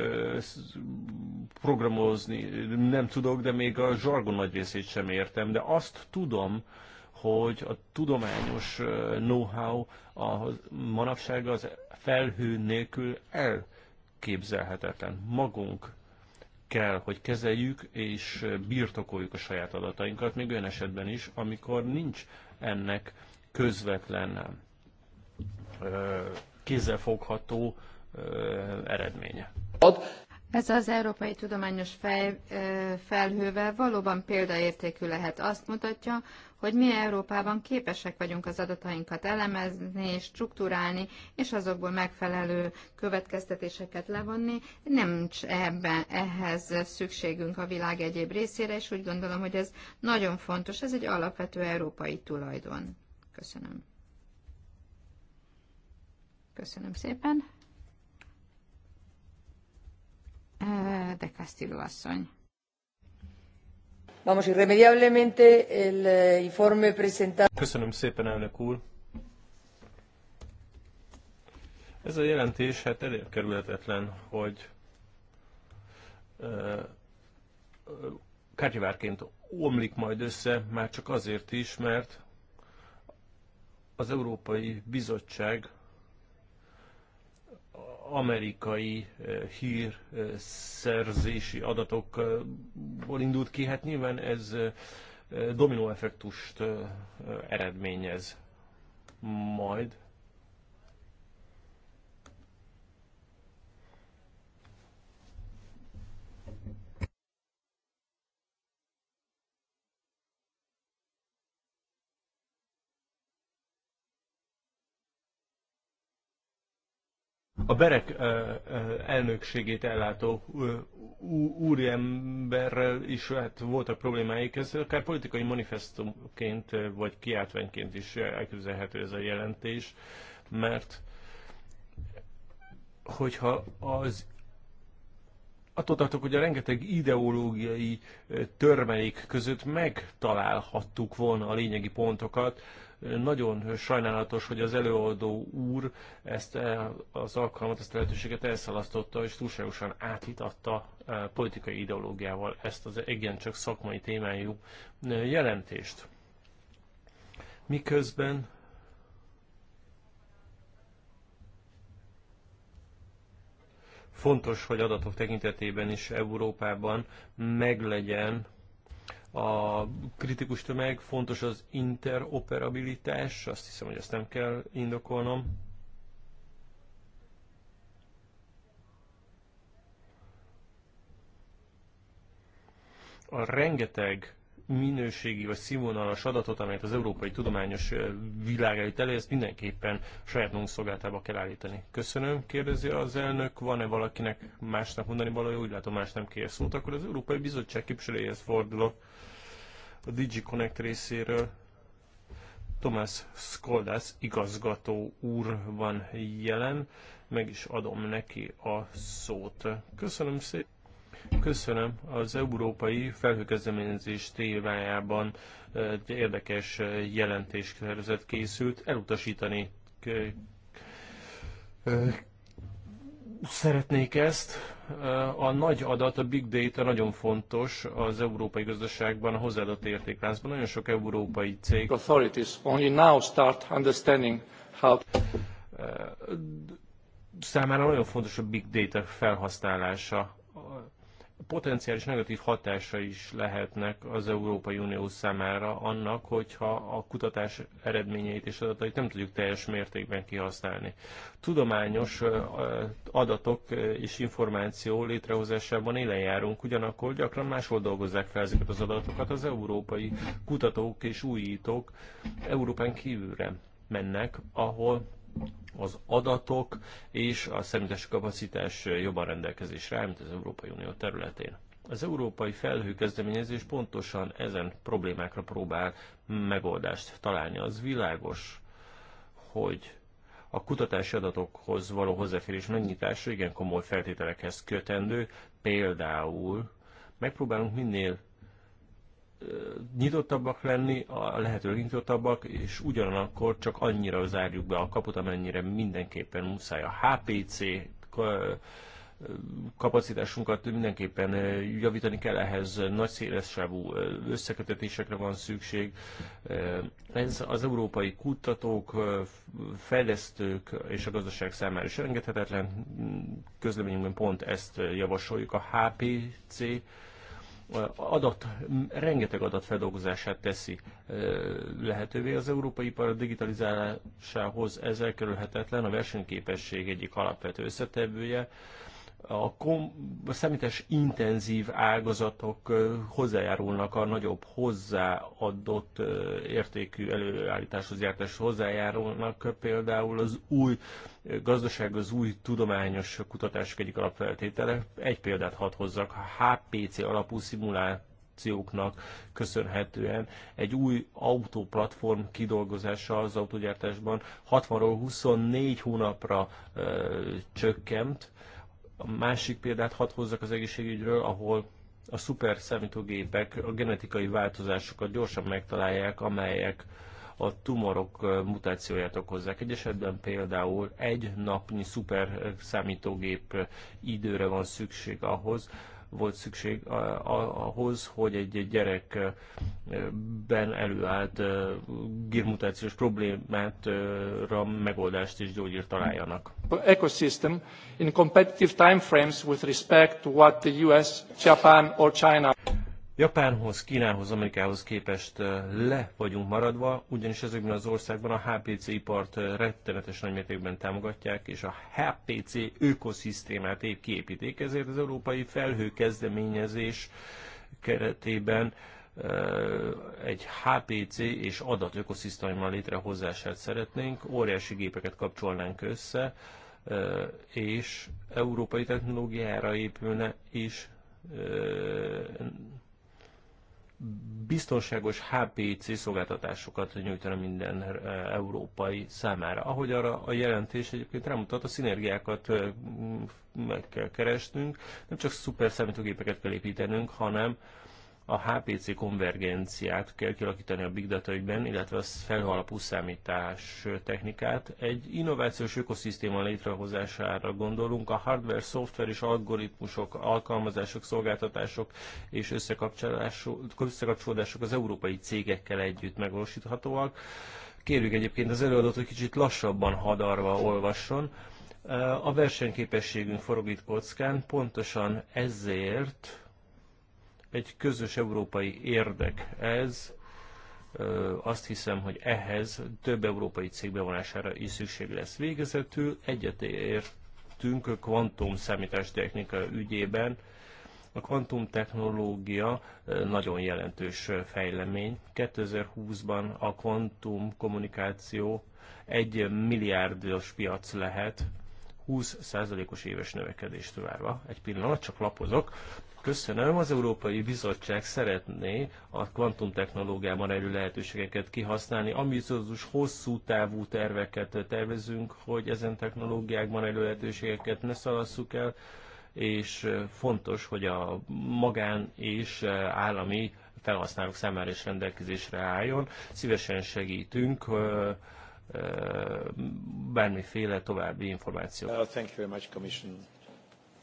programozni nem tudok, de még a zsargon nagy részét sem értem, de azt tudom, hogy a tudományos know-how a manapság az felhő nélkül elképzelhetetlen. Magunk kell, hogy kezeljük és birtokoljuk a saját adatainkat, még olyan esetben is, amikor nincs ennek közvetlen kézzelfogható eredménye. Ez az európai tudományos fej, felhővel valóban példaértékű lehet. Azt mutatja, hogy mi Európában képesek vagyunk az adatainkat elemezni, struktúrálni, és azokból megfelelő következtetéseket levonni. Nem ebben, ehhez szükségünk a világ egyéb részére, és úgy gondolom, hogy ez nagyon fontos, ez egy alapvető európai tulajdon. Köszönöm. Köszönöm szépen. Eh, De Castillo asszony. Vamos, irremediablemente el eh, informe presentado. Köszönöm szépen, elnök úr. Ez a jelentés, hát elkerülhetetlen, hogy eh, kártyavárként omlik majd össze, már csak azért is, mert az Európai Bizottság amerikai eh, hírszerzési eh, adatokból indult ki, hát nyilván ez eh, dominóeffektust eredményez majd. A Berek elnökségét ellátó úriemberrel is hát voltak problémáik, ez akár politikai manifestumként vagy kiáltványként is elképzelhető ez a jelentés, mert hogyha az attól tartok, hogy a rengeteg ideológiai törmelék között megtalálhattuk volna a lényegi pontokat, nagyon sajnálatos, hogy az előadó úr ezt e, az alkalmat, ezt a lehetőséget elszalasztotta, és túlságosan átítatta e, politikai ideológiával ezt az csak szakmai témájú e, jelentést. Miközben fontos, hogy adatok tekintetében is Európában meglegyen a kritikus tömeg, fontos az interoperabilitás, azt hiszem, hogy ezt nem kell indokolnom. A rengeteg minőségi vagy színvonalas adatot, amelyet az európai tudományos világ elít elő, ezt mindenképpen saját munk szolgáltába kell állítani. Köszönöm, kérdezi az elnök, van-e valakinek másnak mondani valója, úgy látom más nem kér szót, akkor az Európai Bizottság képviselőjéhez fordulok a DigiConnect részéről. Tomás Skoldás igazgató úr van jelen, meg is adom neki a szót. Köszönöm szépen! Köszönöm. Az európai felhőkezdeményezés tévájában egy érdekes jelentés készült. Elutasítani szeretnék ezt. A nagy adat, a big data nagyon fontos az európai gazdaságban, a hozzáadott értékláncban. Nagyon sok európai cég... Authorities only now start understanding how... Számára nagyon fontos a big data felhasználása potenciális negatív hatása is lehetnek az Európai Unió számára annak, hogyha a kutatás eredményeit és adatait nem tudjuk teljes mértékben kihasználni. Tudományos adatok és információ létrehozásában élen járunk, ugyanakkor gyakran máshol dolgozzák fel ezeket az adatokat az európai kutatók és újítók Európán kívülre mennek, ahol az adatok és a személyes kapacitás jobban rendelkezésre áll, mint az Európai Unió területén. Az európai felhő kezdeményezés pontosan ezen problémákra próbál megoldást találni. Az világos, hogy a kutatási adatokhoz való hozzáférés megnyitása igen komoly feltételekhez kötendő, például megpróbálunk minél nyitottabbak lenni, a lehető nyitottabbak, és ugyanakkor csak annyira zárjuk be a kaput, amennyire mindenképpen muszáj. A HPC kapacitásunkat mindenképpen javítani kell, ehhez nagy szélessávú összekötetésekre van szükség. Ez az európai kutatók, fejlesztők és a gazdaság számára is elengedhetetlen. Közleményünkben pont ezt javasoljuk a HPC adat, rengeteg adat feldolgozását teszi lehetővé. Az európai ipar digitalizálásához ez elkerülhetetlen, a versenyképesség egyik alapvető összetevője a, kom, a szemétes intenzív ágazatok hozzájárulnak a nagyobb hozzáadott értékű előállításhoz, jártás hozzájárulnak például az új gazdaság, az új tudományos kutatások egyik alapfeltétele. Egy példát hadd hozzak, a HPC alapú szimulált köszönhetően egy új autóplatform kidolgozása az autogyártásban 60-ról 24 hónapra ö, csökkent, a másik példát hadd hozzak az egészségügyről, ahol a szuper számítógépek a genetikai változásokat gyorsan megtalálják, amelyek a tumorok mutációját okozzák. Egy esetben például egy napnyi szuper számítógép időre van szükség ahhoz, volt szükség ahhoz, hogy egy gyerekben előállt gírmutációs problémátra megoldást és gyógyírt találjanak. Ecosystem in competitive time frames with respect to what the US, Japan or China. Japánhoz, Kínához, Amerikához képest le vagyunk maradva, ugyanis ezekben az országban a HPC ipart rettenetes nagymértékben támogatják, és a HPC ökoszisztémát épp kiépítik, ezért az európai felhő kezdeményezés keretében egy HPC és adat ökoszisztéma létrehozását szeretnénk, óriási gépeket kapcsolnánk össze, és európai technológiára épülne is biztonságos HPC szolgáltatásokat nyújtana minden eh, európai számára. Ahogy arra a jelentés egyébként rámutat, a szinergiákat eh, meg kell keresnünk, nem csak szuper számítógépeket kell építenünk, hanem a HPC konvergenciát kell kialakítani a Big Data ügyben, illetve a felhalapú számítás technikát. Egy innovációs ökoszisztéma létrehozására gondolunk, a hardware, szoftver és algoritmusok, alkalmazások, szolgáltatások és összekapcsolódások az európai cégekkel együtt megvalósíthatóak. Kérjük egyébként az előadót, hogy kicsit lassabban hadarva olvasson. A versenyképességünk forog itt kockán, pontosan ezért egy közös európai érdek ez, azt hiszem, hogy ehhez több európai cég bevonására is szükség lesz. Végezetül egyetértünk a kvantum számítástechnika ügyében. A kvantum technológia nagyon jelentős fejlemény. 2020-ban a kvantum kommunikáció egy milliárdos piac lehet, 20%-os éves növekedést várva. Egy pillanat, csak lapozok. Köszönöm. Az Európai Bizottság szeretné a kvantumtechnológiában erő lehetőségeket kihasználni. Ambiciózus, hosszú távú terveket tervezünk, hogy ezen technológiákban erő lehetőségeket ne szalasszuk el, és fontos, hogy a magán és állami felhasználók számára is rendelkezésre álljon. Szívesen segítünk bármiféle további információ. Uh, thank you very much, Commissioner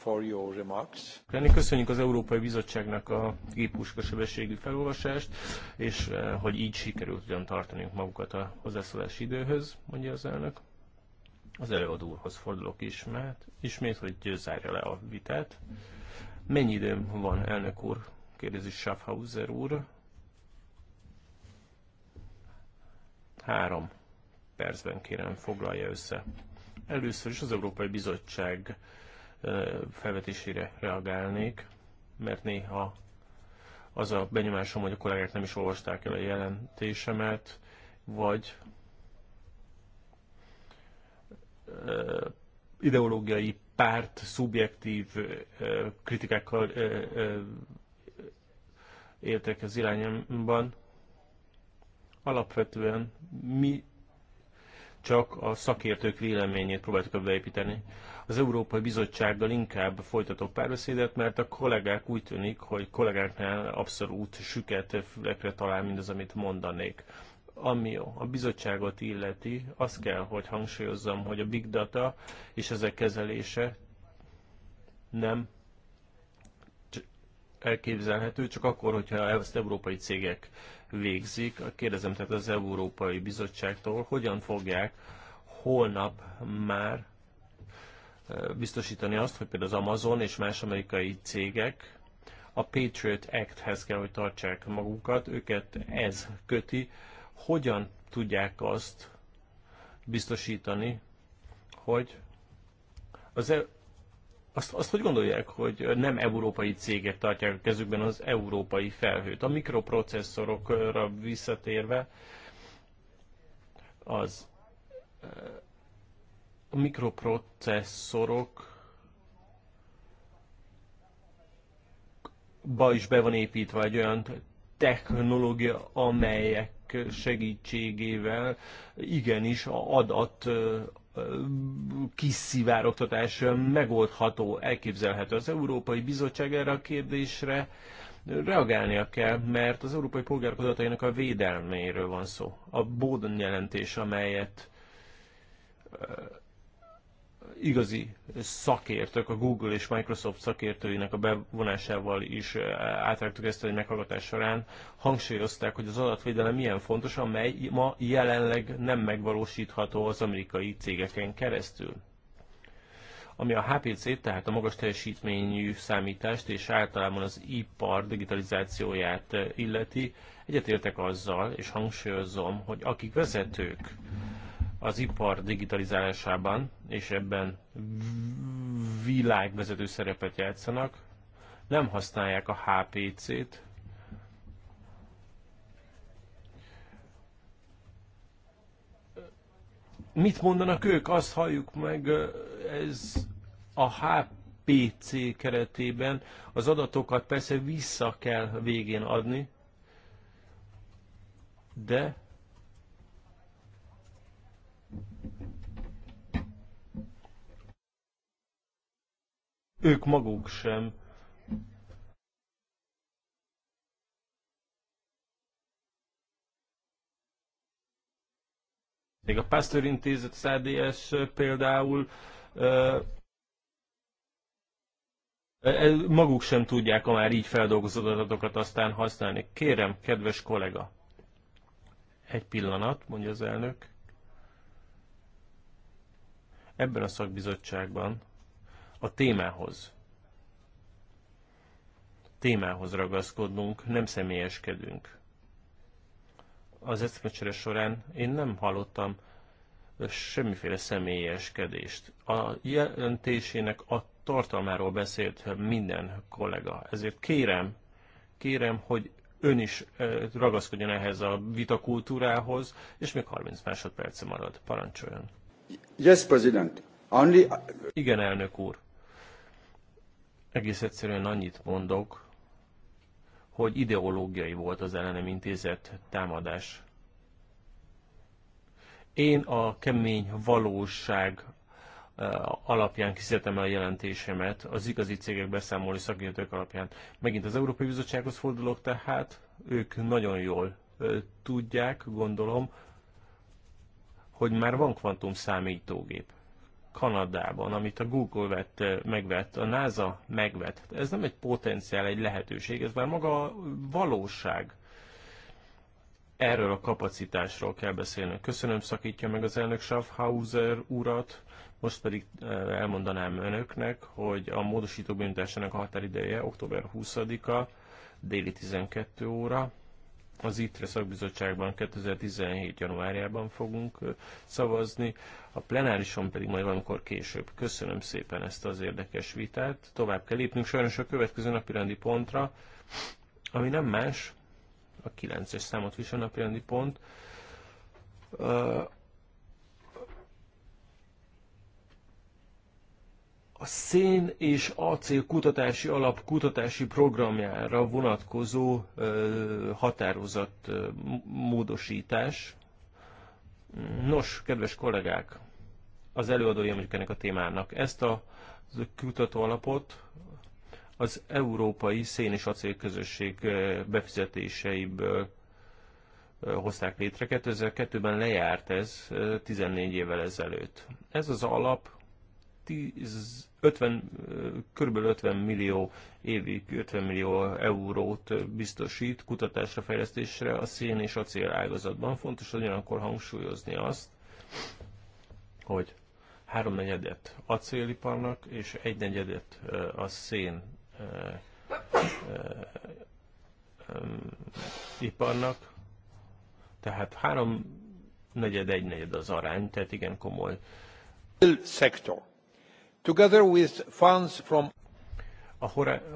for your remarks. Köszönjük az Európai Bizottságnak a gépuska sebességű felolvasást, és eh, hogy így sikerült ugyan tartaniuk magukat a hozzászólási időhöz, mondja az elnök. Az előadóhoz fordulok mert ismét, hogy zárja le a vitát. Mennyi időm van, elnök úr? Kérdezi Schaffhauser úr. Három percben kérem foglalja össze. Először is az Európai Bizottság felvetésére reagálnék, mert néha az a benyomásom, hogy a kollégák nem is olvasták el a jelentésemet, vagy ideológiai párt, szubjektív kritikákkal értek az irányomban. Alapvetően mi csak a szakértők véleményét próbáltuk beépíteni az Európai Bizottsággal inkább folytatok párbeszédet, mert a kollégák úgy tűnik, hogy kollégáknál abszolút süket fülekre talál mindaz, amit mondanék. Ami a bizottságot illeti, azt kell, hogy hangsúlyozzam, hogy a big data és ezek kezelése nem elképzelhető, csak akkor, hogyha ezt európai cégek végzik. Kérdezem tehát az Európai Bizottságtól, hogyan fogják holnap már biztosítani azt, hogy például az Amazon és más amerikai cégek a Patriot Act-hez kell, hogy tartsák magukat, őket ez köti. Hogyan tudják azt biztosítani, hogy az e azt, azt hogy gondolják, hogy nem európai cégek tartják a kezükben az európai felhőt? A mikroprocesszorokra visszatérve, az a mikroprocesszorok ba is be van építve egy olyan technológia, amelyek segítségével igenis a adat kiszivárogtatás megoldható, elképzelhető. Az Európai Bizottság erre a kérdésre reagálnia kell, mert az európai polgárok adatainak a védelméről van szó. A Bóden jelentés, amelyet igazi szakértők, a Google és Microsoft szakértőinek a bevonásával is eh, átrágtuk ezt a meghallgatás során, hangsúlyozták, hogy az adatvédelem milyen fontos, amely ma jelenleg nem megvalósítható az amerikai cégeken keresztül ami a hpc tehát a magas teljesítményű számítást és általában az ipar digitalizációját eh, illeti, egyetértek azzal, és hangsúlyozom, hogy akik vezetők, az ipar digitalizálásában, és ebben világvezető szerepet játszanak, nem használják a HPC-t, Mit mondanak ők? Azt halljuk meg, ez a HPC keretében az adatokat persze vissza kell végén adni, de ők maguk sem Még a Pasteur Intézet, az például maguk sem tudják a már így feldolgozott adatokat aztán használni. Kérem, kedves kollega, egy pillanat, mondja az elnök. Ebben a szakbizottságban a témához témához ragaszkodunk, nem személyeskedünk. Az eszmecsere során én nem hallottam semmiféle személyeskedést. A jelentésének a tartalmáról beszélt minden kollega. Ezért kérem, kérem, hogy ön is ragaszkodjon ehhez a vitakultúrához, és még 30 másodperce marad. Parancsoljon. Yes, President. Only... Igen, elnök úr egész egyszerűen annyit mondok, hogy ideológiai volt az ellenem intézett támadás. Én a kemény valóság eh, alapján kiszedtem el jelentésemet, az igazi cégek beszámolói szakértők alapján. Megint az Európai Bizottsághoz fordulok tehát, ők nagyon jól eh, tudják, gondolom, hogy már van kvantum számítógép. Kanadában, amit a Google vett, megvett, a NASA megvett. Hát ez nem egy potenciál, egy lehetőség, ez már maga a valóság. Erről a kapacitásról kell beszélnünk. Köszönöm, szakítja meg az elnök Schaffhauser urat. Most pedig elmondanám önöknek, hogy a módosító benyújtásának a határideje október 20-a, déli 12 óra. Az ITRE szakbizottságban 2017. januárjában fogunk szavazni, a plenárison pedig majd valamikor később. Köszönöm szépen ezt az érdekes vitát. Tovább kell lépnünk sajnos a következő napirendi pontra, ami nem más, a 9-es számot visel napirendi pont, a szén és acél kutatási alap kutatási programjára vonatkozó határozat módosítás. Nos, kedves kollégák, az előadója mondjuk ennek a témának. Ezt a kutatóalapot az Európai Szén és közösség befizetéseiből hozták létre. 2002-ben lejárt ez 14 évvel ezelőtt. Ez az alap 10, 50, kb. 50 millió évi 50 millió eurót biztosít kutatásra, fejlesztésre a szén és acél ágazatban. Fontos ugyanakkor hangsúlyozni azt, hogy háromnegyedet acéliparnak és egynegyedet eh, a szén eh, eh, iparnak, tehát három negyed, egy negyed az arány, tehát igen komoly. Szektor Together with funds from a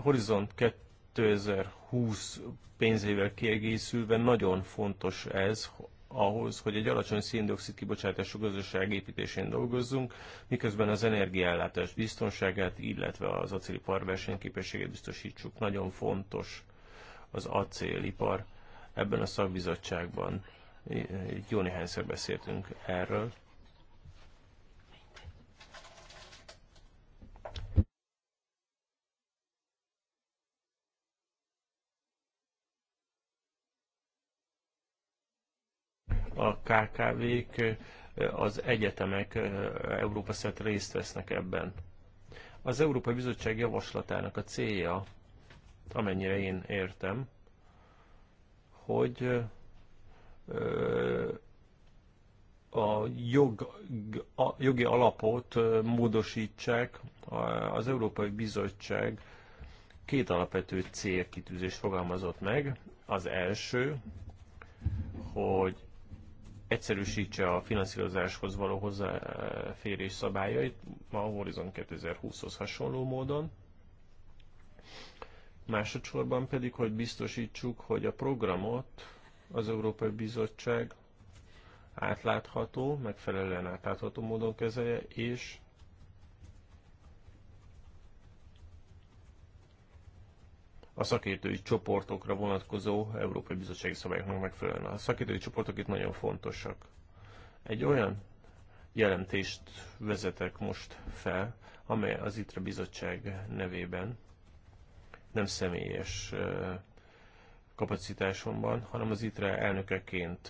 Horizont 2020 pénzével kiegészülve nagyon fontos ez ahhoz, hogy egy alacsony széndiokszid kibocsátású gazdaság építésén dolgozzunk, miközben az energiállátás biztonságát, illetve az acélipar versenyképességét biztosítsuk. Nagyon fontos az acélipar ebben a szakbizottságban. Jó néhányszor beszéltünk erről. a KKV-k, eh, az egyetemek eh, Európa szert részt vesznek ebben. Az Európai Bizottság javaslatának a célja, amennyire én értem, hogy eh, a, jog, a jogi alapot módosítsák. Az Európai Bizottság két alapvető célkitűzést fogalmazott meg. Az első, hogy egyszerűsítse a finanszírozáshoz való hozzáférés szabályait, a Horizon 2020-hoz hasonló módon. Másodszorban pedig, hogy biztosítsuk, hogy a programot az Európai Bizottság átlátható, megfelelően átlátható módon kezelje, és a szakértői csoportokra vonatkozó Európai Bizottsági Szabályoknak megfelelően. A szakértői csoportok itt nagyon fontosak. Egy olyan jelentést vezetek most fel, amely az ITRA bizottság nevében nem személyes kapacitásomban, hanem az ITRA elnökeként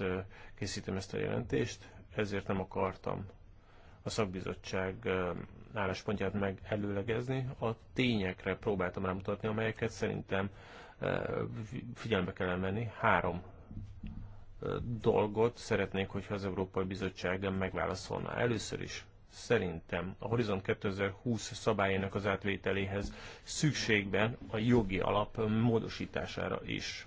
készítem ezt a jelentést, ezért nem akartam a szakbizottság álláspontját meg előlegezni, a tényekre próbáltam rámutatni, amelyeket szerintem eh, figyelme kell emelni. Három eh, dolgot szeretnék, hogyha az Európai Bizottság megválaszolna. Először is szerintem a Horizont 2020 szabályának az átvételéhez szükségben a jogi alap módosítására is.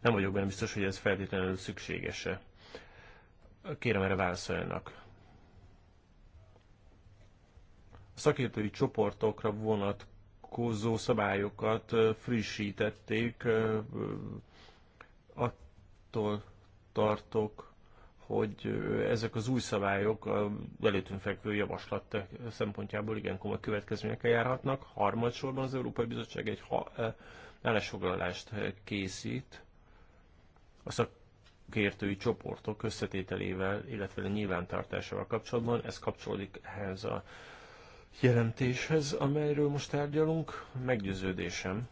Nem vagyok benne biztos, hogy ez feltétlenül szükséges-e. Kérem erre válaszoljanak. A szakértői csoportokra vonatkozó szabályokat frissítették, attól tartok, hogy ezek az új szabályok a előttünk fekvő javaslat szempontjából igen komoly következményekkel járhatnak. Harmadsorban az Európai Bizottság egy ha, állásfoglalást készít a szak kértői csoportok összetételével, illetve a nyilvántartásával kapcsolatban. Ez kapcsolódik ehhez a jelentéshez, amelyről most tárgyalunk. Meggyőződésem,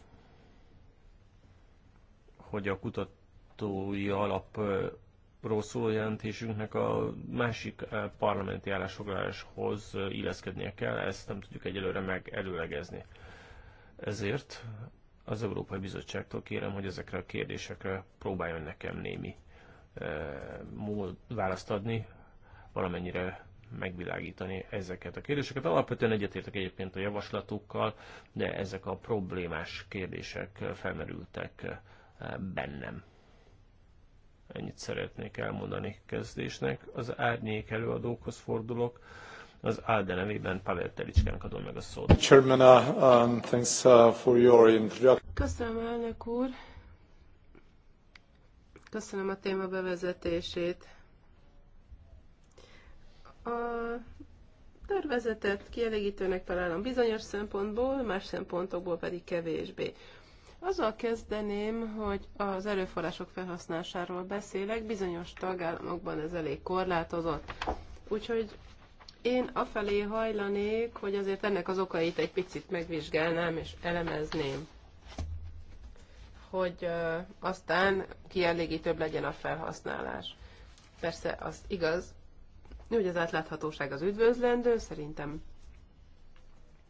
hogy a kutatói alapról szóló jelentésünknek a másik eh, parlamenti állásfoglaláshoz illeszkednie kell, ezt nem tudjuk egyelőre megelőlegezni. Ezért az Európai Bizottságtól kérem, hogy ezekre a kérdésekre próbáljon nekem némi mód választ adni, valamennyire megvilágítani ezeket a kérdéseket. Alapvetően egyetértek egyébként a javaslatukkal, de ezek a problémás kérdések felmerültek bennem. Ennyit szeretnék elmondani kezdésnek. Az árnyék előadókhoz fordulok. Az Alde nevében Pavel Telicskának adom meg a szót. Uh, um, uh, Köszönöm, elnök úr. Köszönöm a téma bevezetését. A tervezetet kielégítőnek találom bizonyos szempontból, más szempontokból pedig kevésbé. Azzal kezdeném, hogy az erőforrások felhasználásáról beszélek, bizonyos tagállamokban ez elég korlátozott. Úgyhogy én afelé hajlanék, hogy azért ennek az okait egy picit megvizsgálnám és elemezném hogy aztán kielégítőbb legyen a felhasználás. Persze az igaz, hogy az átláthatóság az üdvözlendő, szerintem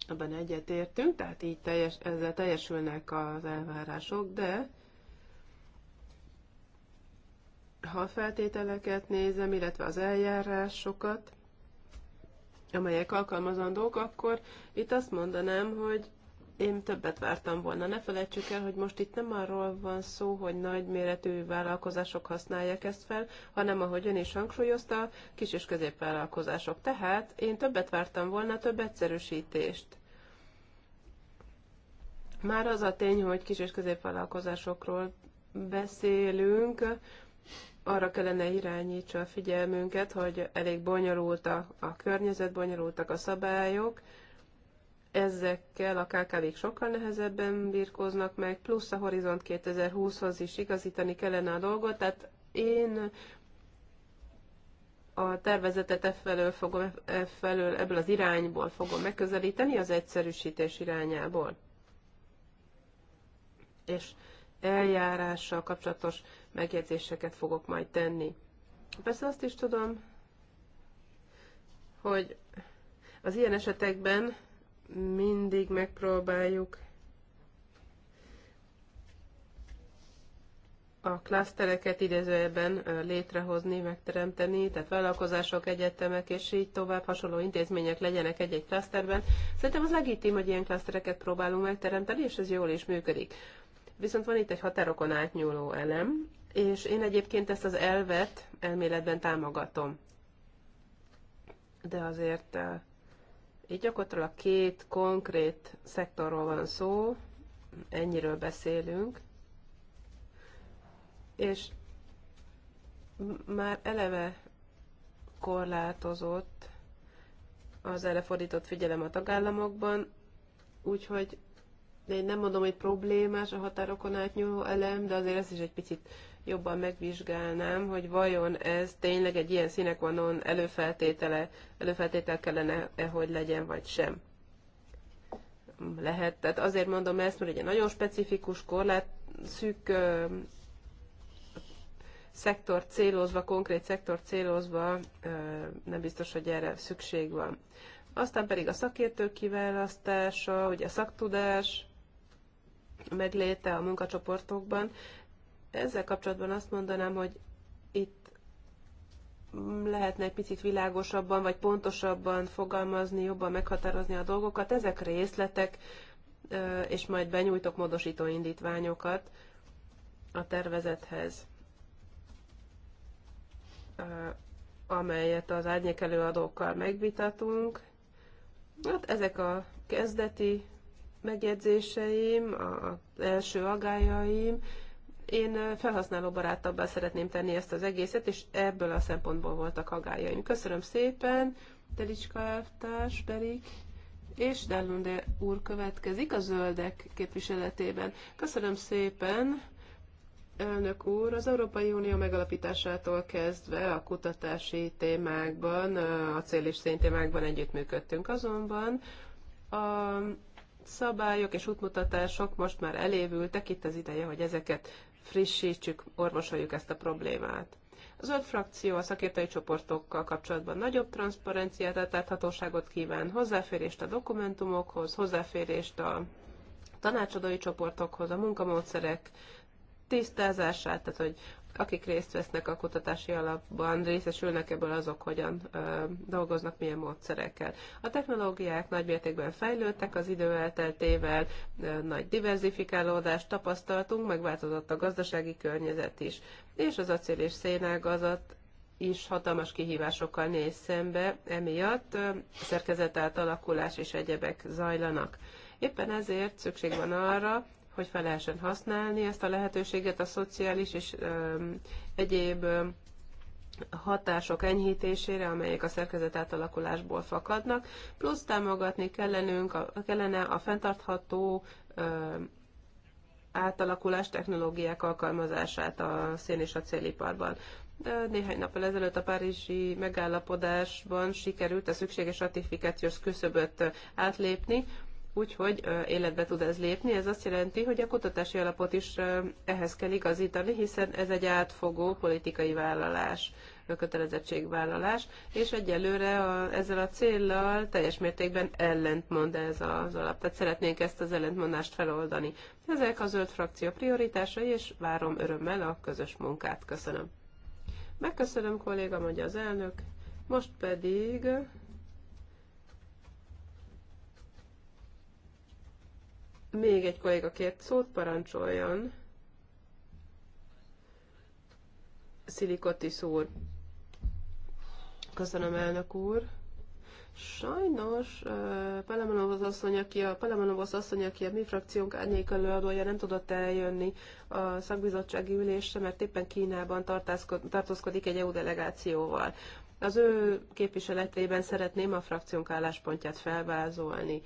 abban egyetértünk, tehát így teljes, ezzel teljesülnek az elvárások, de ha a feltételeket nézem, illetve az eljárásokat, amelyek alkalmazandók, akkor itt azt mondanám, hogy én többet vártam volna. Ne felejtsük el, hogy most itt nem arról van szó, hogy nagyméretű vállalkozások használják ezt fel, hanem ahogy ön is hangsúlyozta, kis és középvállalkozások. Tehát én többet vártam volna, több egyszerűsítést. Már az a tény, hogy kis és középvállalkozásokról beszélünk, arra kellene irányítsa a figyelmünket, hogy elég bonyolult a, a környezet, bonyolultak a szabályok, ezekkel a KKV-k sokkal nehezebben birkóznak meg, plusz a Horizont 2020-hoz is igazítani kellene a dolgot, tehát én a tervezetet e felől fogom, e felől, ebből az irányból fogom megközelíteni, az egyszerűsítés irányából. És eljárással kapcsolatos megjegyzéseket fogok majd tenni. Persze azt is tudom, hogy az ilyen esetekben mindig megpróbáljuk a klasztereket idézőjelben létrehozni, megteremteni, tehát vállalkozások, egyetemek és így tovább hasonló intézmények legyenek egy-egy klaszterben. Szerintem az legitim, hogy ilyen klasztereket próbálunk megteremteni, és ez jól is működik. Viszont van itt egy határokon átnyúló elem, és én egyébként ezt az elvet elméletben támogatom. De azért így gyakorlatilag a két konkrét szektorról van szó, ennyiről beszélünk, és már eleve korlátozott az erre fordított figyelem a tagállamokban, úgyhogy én nem mondom, hogy problémás a határokon átnyúló elem, de azért ez is egy picit jobban megvizsgálnám, hogy vajon ez tényleg egy ilyen színek vanon előfeltétele, előfeltétel kellene-e, hogy legyen, vagy sem. Lehet, tehát azért mondom ezt, mert ugye nagyon specifikus korlát, szűk ö, szektor célozva, konkrét szektor célozva ö, nem biztos, hogy erre szükség van. Aztán pedig a szakértő kiválasztása, ugye a szaktudás, megléte a munkacsoportokban. Ezzel kapcsolatban azt mondanám, hogy itt lehetne egy picit világosabban, vagy pontosabban fogalmazni, jobban meghatározni a dolgokat. Ezek részletek, és majd benyújtok módosító indítványokat a tervezethez, amelyet az adókkal megvitatunk. Hát ezek a kezdeti megjegyzéseim, az első agályaim, én felhasználóbarátabbá szeretném tenni ezt az egészet, és ebből a szempontból voltak aggájaim. Köszönöm szépen, Delicska elvtárs, Berik és Dellunde úr következik a zöldek képviseletében. Köszönöm szépen, elnök úr, az Európai Unió megalapításától kezdve a kutatási témákban, a cél és szén témákban együttműködtünk azonban. A szabályok és útmutatások most már elévültek, itt az ideje, hogy ezeket frissítsük, orvosoljuk ezt a problémát. A zöld frakció a szakértői csoportokkal kapcsolatban nagyobb transzparenciát, átláthatóságot kíván, hozzáférést a dokumentumokhoz, hozzáférést a tanácsadói csoportokhoz, a munkamódszerek tisztázását, tehát hogy akik részt vesznek a kutatási alapban, részesülnek ebből azok, hogyan ö, dolgoznak, milyen módszerekkel. A technológiák nagymértékben fejlődtek, az idő elteltével ö, nagy diversifikálódást tapasztaltunk, megváltozott a gazdasági környezet is, és az acél és szénágazat is hatalmas kihívásokkal néz szembe, emiatt ö, szerkezet átalakulás és egyebek zajlanak. Éppen ezért szükség van arra, hogy fel lehessen használni ezt a lehetőséget a szociális és ö, egyéb öm, hatások enyhítésére, amelyek a szerkezet átalakulásból fakadnak, plusz támogatni kellenünk, a, kellene a fenntartható ö, átalakulás technológiák alkalmazását a szén és a céliparban. De néhány nappal ezelőtt a párizsi megállapodásban sikerült a szükséges ratifikációs küszöböt átlépni, úgyhogy életbe tud ez lépni. Ez azt jelenti, hogy a kutatási alapot is ehhez kell igazítani, hiszen ez egy átfogó politikai vállalás, kötelezettségvállalás, és egyelőre a, ezzel a céllal teljes mértékben ellentmond ez az alap. Tehát szeretnénk ezt az ellentmondást feloldani. Ezek a zöld frakció prioritásai, és várom örömmel a közös munkát. Köszönöm. Megköszönöm, kolléga, mondja az elnök. Most pedig Még egy kolléga kért szót, parancsoljon. Szilikotis úr. Köszönöm, elnök úr. Sajnos Palemonovoz asszony, aki a, asszony, aki a mi frakciónk árnyék előadója nem tudott eljönni a szakbizottsági ülésre, mert éppen Kínában tartózkodik egy EU delegációval. Az ő képviseletében szeretném a frakciónk álláspontját felvázolni.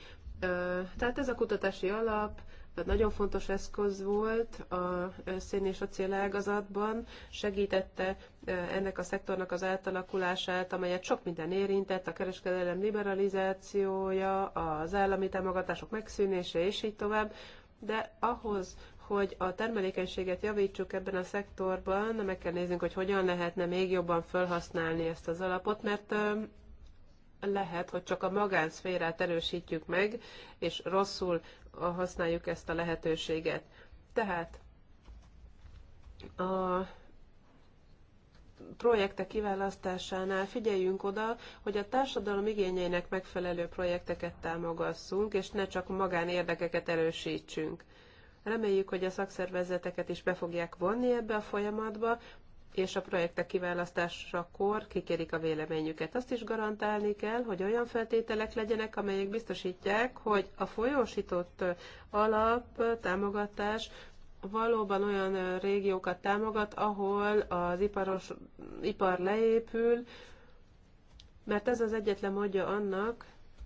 Tehát ez a kutatási alap nagyon fontos eszköz volt a szén és acélágazatban, segítette ennek a szektornak az átalakulását, amelyet sok minden érintett, a kereskedelem liberalizációja, az állami támogatások megszűnése, és így tovább, de ahhoz, hogy a termelékenységet javítsuk ebben a szektorban, meg kell néznünk, hogy hogyan lehetne még jobban felhasználni ezt az alapot, mert lehet, hogy csak a magánszférát erősítjük meg, és rosszul használjuk ezt a lehetőséget. Tehát a projektek kiválasztásánál figyeljünk oda, hogy a társadalom igényeinek megfelelő projekteket támogassunk, és ne csak magán érdekeket erősítsünk. Reméljük, hogy a szakszervezeteket is be fogják vonni ebbe a folyamatba, és a projektek kiválasztásakor kikérik a véleményüket. Azt is garantálni kell, hogy olyan feltételek legyenek, amelyek biztosítják, hogy a folyósított alap támogatás valóban olyan régiókat támogat, ahol az iparos, ipar leépül, mert ez az egyetlen módja annak,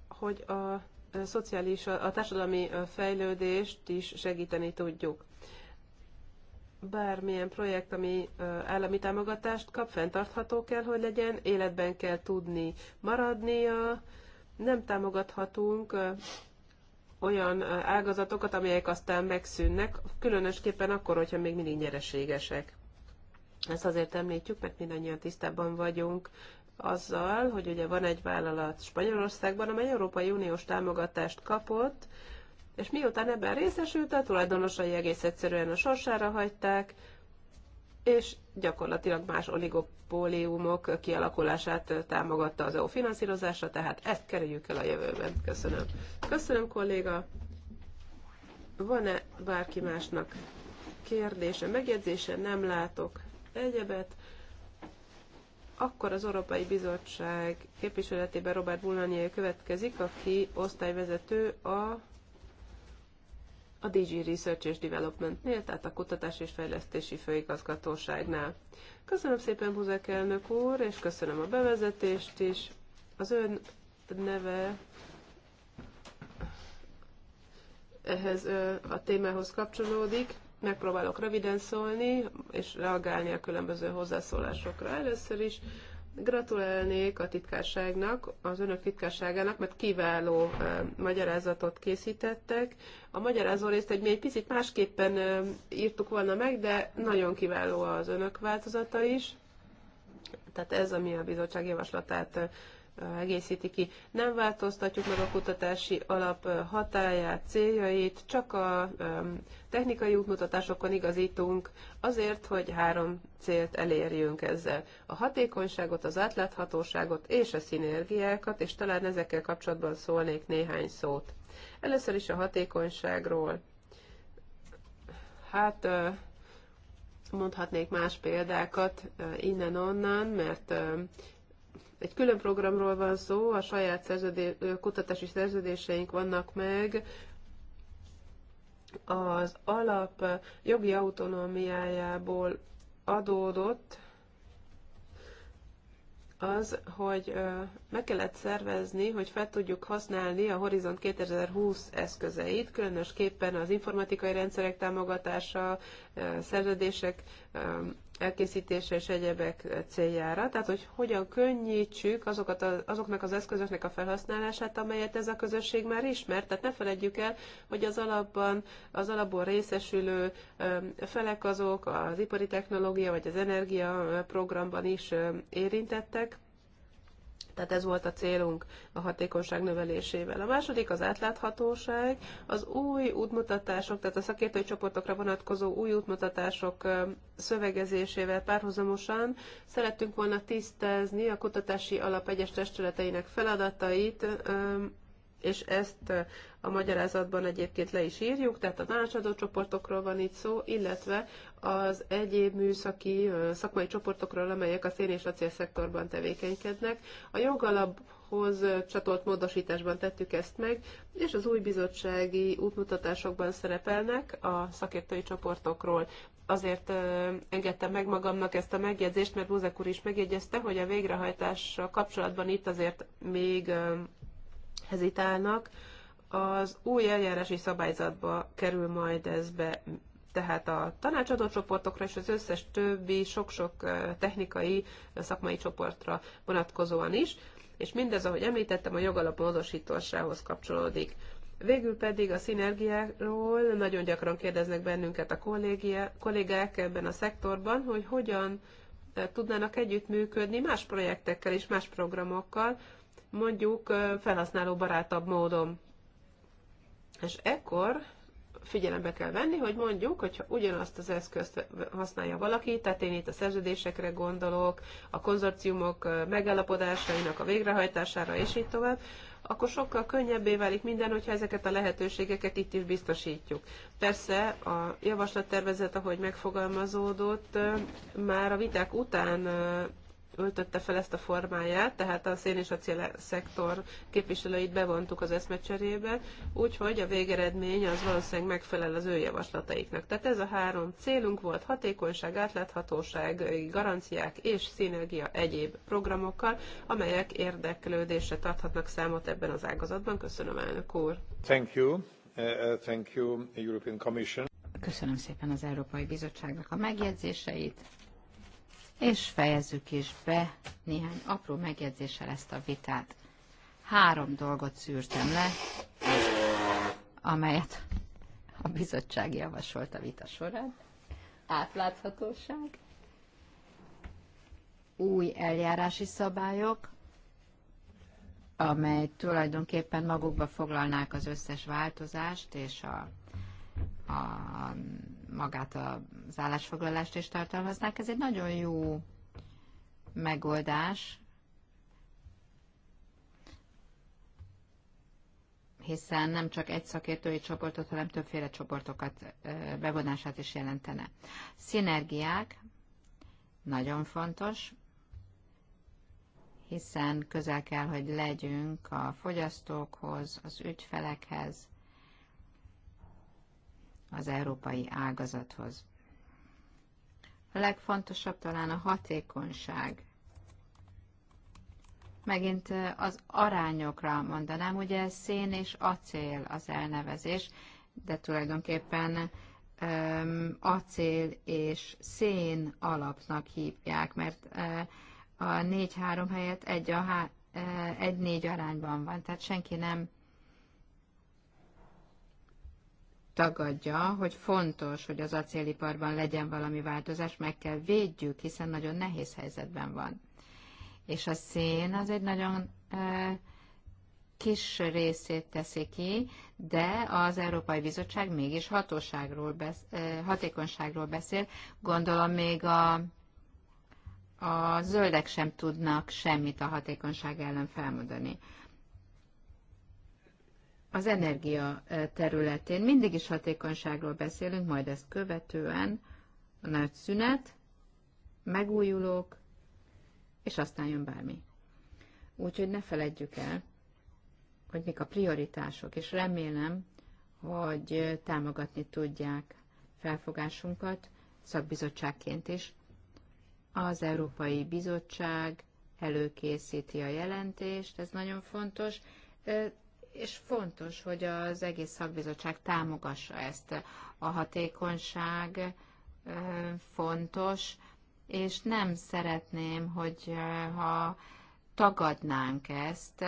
hogy a szociális, a társadalmi fejlődést is segíteni tudjuk bármilyen projekt, ami állami támogatást kap, fenntartható kell, hogy legyen, életben kell tudni maradnia, nem támogathatunk olyan ágazatokat, amelyek aztán megszűnnek, különösképpen akkor, hogyha még mindig nyereségesek. Ezt azért említjük, mert mindannyian tisztában vagyunk azzal, hogy ugye van egy vállalat Spanyolországban, amely Európai Uniós támogatást kapott, és miután ebben részesült, a tulajdonosai egész egyszerűen a sorsára hagyták, és gyakorlatilag más oligopóliumok kialakulását támogatta az EU finanszírozása, tehát ezt kerüljük el a jövőben. Köszönöm. Köszönöm, kolléga. Van-e bárki másnak kérdése, megjegyzése? Nem látok egyebet. Akkor az Európai Bizottság képviseletében Robert Bulanier következik, aki osztályvezető a a DG Research és nél tehát a Kutatás és Fejlesztési Főigazgatóságnál. Köszönöm szépen, Buzek elnök úr, és köszönöm a bevezetést is. Az ön neve ehhez a témához kapcsolódik. Megpróbálok röviden szólni, és reagálni a különböző hozzászólásokra először is. Gratulálnék a titkárságnak, az önök titkárságának, mert kiváló magyarázatot készítettek. A magyarázó részt egy, mi egy picit másképpen írtuk volna meg, de nagyon kiváló az önök változata is. Tehát ez, ami a bizottság javaslatát egészíti ki. Nem változtatjuk meg a kutatási alap hatáját, céljait, csak a technikai útmutatásokon igazítunk azért, hogy három célt elérjünk ezzel. A hatékonyságot, az átláthatóságot és a szinergiákat, és talán ezekkel kapcsolatban szólnék néhány szót. Először is a hatékonyságról. Hát mondhatnék más példákat innen-onnan, mert egy külön programról van szó, a saját szerződé, kutatási szerződéseink vannak meg, az alap jogi autonómiájából adódott az, hogy meg kellett szervezni, hogy fel tudjuk használni a Horizont 2020 eszközeit, különösképpen az informatikai rendszerek támogatása, szerződések elkészítése és egyebek céljára, tehát hogy hogyan könnyítsük azokat a, azoknak az eszközöknek a felhasználását, amelyet ez a közösség már ismert. Tehát ne feledjük el, hogy az alapban, az alapból részesülő felek azok az ipari technológia vagy az energia programban is érintettek, tehát ez volt a célunk a hatékonyság növelésével. A második az átláthatóság, az új útmutatások, tehát a szakértői csoportokra vonatkozó új útmutatások szövegezésével párhuzamosan szerettünk volna tisztázni a kutatási alap egyes testületeinek feladatait, és ezt a magyarázatban egyébként le is írjuk, tehát a tanácsadó csoportokról van itt szó, illetve az egyéb műszaki szakmai csoportokról, amelyek a szén és acél szektorban tevékenykednek. A jogalaphoz csatolt módosításban tettük ezt meg, és az új bizottsági útmutatásokban szerepelnek a szakértői csoportokról azért engedtem meg magamnak ezt a megjegyzést, mert Búzek úr is megjegyezte, hogy a végrehajtással kapcsolatban itt azért még hezitálnak, az új eljárási szabályzatba kerül majd ez be, tehát a tanácsadó csoportokra és az összes többi sok-sok technikai szakmai csoportra vonatkozóan is, és mindez, ahogy említettem, a jogalap módosításához kapcsolódik. Végül pedig a szinergiáról nagyon gyakran kérdeznek bennünket a kollégák ebben a szektorban, hogy hogyan tudnának együttműködni más projektekkel és más programokkal, mondjuk felhasználó barátabb módon. És ekkor figyelembe kell venni, hogy mondjuk, hogyha ugyanazt az eszközt használja valaki, tehát én itt a szerződésekre gondolok, a konzorciumok megállapodásainak a végrehajtására, és így tovább, akkor sokkal könnyebbé válik minden, hogyha ezeket a lehetőségeket itt is biztosítjuk. Persze a javaslattervezet, ahogy megfogalmazódott, már a viták után öltötte fel ezt a formáját, tehát a szén és a cél szektor képviselőit bevontuk az eszmecserébe, úgyhogy a végeredmény az valószínűleg megfelel az ő javaslataiknak. Tehát ez a három célunk volt, hatékonyság, átláthatóság, garanciák és szinergia egyéb programokkal, amelyek érdeklődésre tarthatnak számot ebben az ágazatban. Köszönöm, elnök úr! Thank you. Uh, uh thank you, European Commission. Köszönöm szépen az Európai Bizottságnak a megjegyzéseit és fejezzük is be néhány apró megjegyzéssel ezt a vitát. Három dolgot szűrtem le, amelyet a bizottság javasolt a vita során. Átláthatóság, új eljárási szabályok, amely tulajdonképpen magukba foglalnák az összes változást és a, a magát az állásfoglalást is tartalmaznák. Ez egy nagyon jó megoldás, hiszen nem csak egy szakértői csoportot, hanem többféle csoportokat bevonását is jelentene. Szinergiák nagyon fontos, hiszen közel kell, hogy legyünk a fogyasztókhoz, az ügyfelekhez, az európai ágazathoz. A legfontosabb talán a hatékonyság. Megint az arányokra mondanám, ugye szén és acél az elnevezés, de tulajdonképpen um, acél és szén alapnak hívják, mert uh, a 4-3 helyett 1-4 arányban van, tehát senki nem tagadja, hogy fontos, hogy az acéliparban legyen valami változás, meg kell védjük, hiszen nagyon nehéz helyzetben van. És a szén az egy nagyon e, kis részét teszi ki, de az Európai Bizottság mégis hatóságról besz, e, hatékonyságról beszél. Gondolom még a, a zöldek sem tudnak semmit a hatékonyság ellen felmondani az energia területén mindig is hatékonyságról beszélünk, majd ezt követően a nagy szünet, megújulók, és aztán jön bármi. Úgyhogy ne feledjük el, hogy mik a prioritások, és remélem, hogy támogatni tudják felfogásunkat szakbizottságként is. Az Európai Bizottság előkészíti a jelentést, ez nagyon fontos és fontos, hogy az egész szakbizottság támogassa ezt. A hatékonyság fontos, és nem szeretném, hogy ha tagadnánk ezt,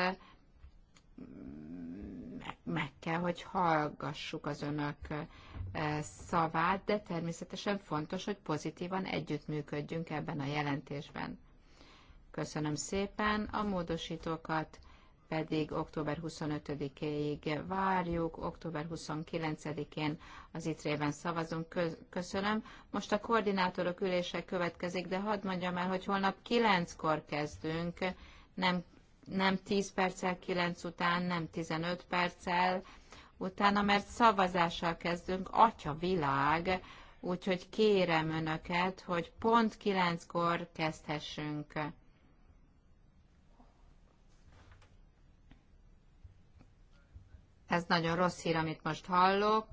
meg kell, hogy hallgassuk az önök szavát, de természetesen fontos, hogy pozitívan együttműködjünk ebben a jelentésben. Köszönöm szépen, a módosítókat pedig október 25-éig várjuk, október 29-én az ITRE-ben szavazunk. Köszönöm. Most a koordinátorok ülése következik, de hadd mondjam el, hogy holnap 9-kor kezdünk, nem, nem 10 perccel 9 után, nem 15 perccel utána, mert szavazással kezdünk, atya világ, úgyhogy kérem önöket, hogy pont 9-kor kezdhessünk. Ez nagyon rossz hír, amit most hallok.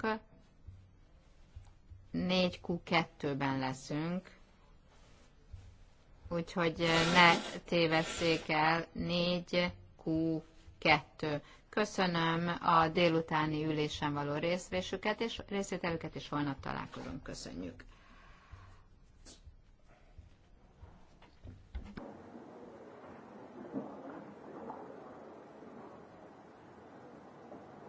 4Q2-ben leszünk. Úgyhogy eh, ne tévesszék el, 4Q2. Köszönöm a délutáni ülésen való részvésüket és részvételüket, és holnap találkozunk. Köszönjük.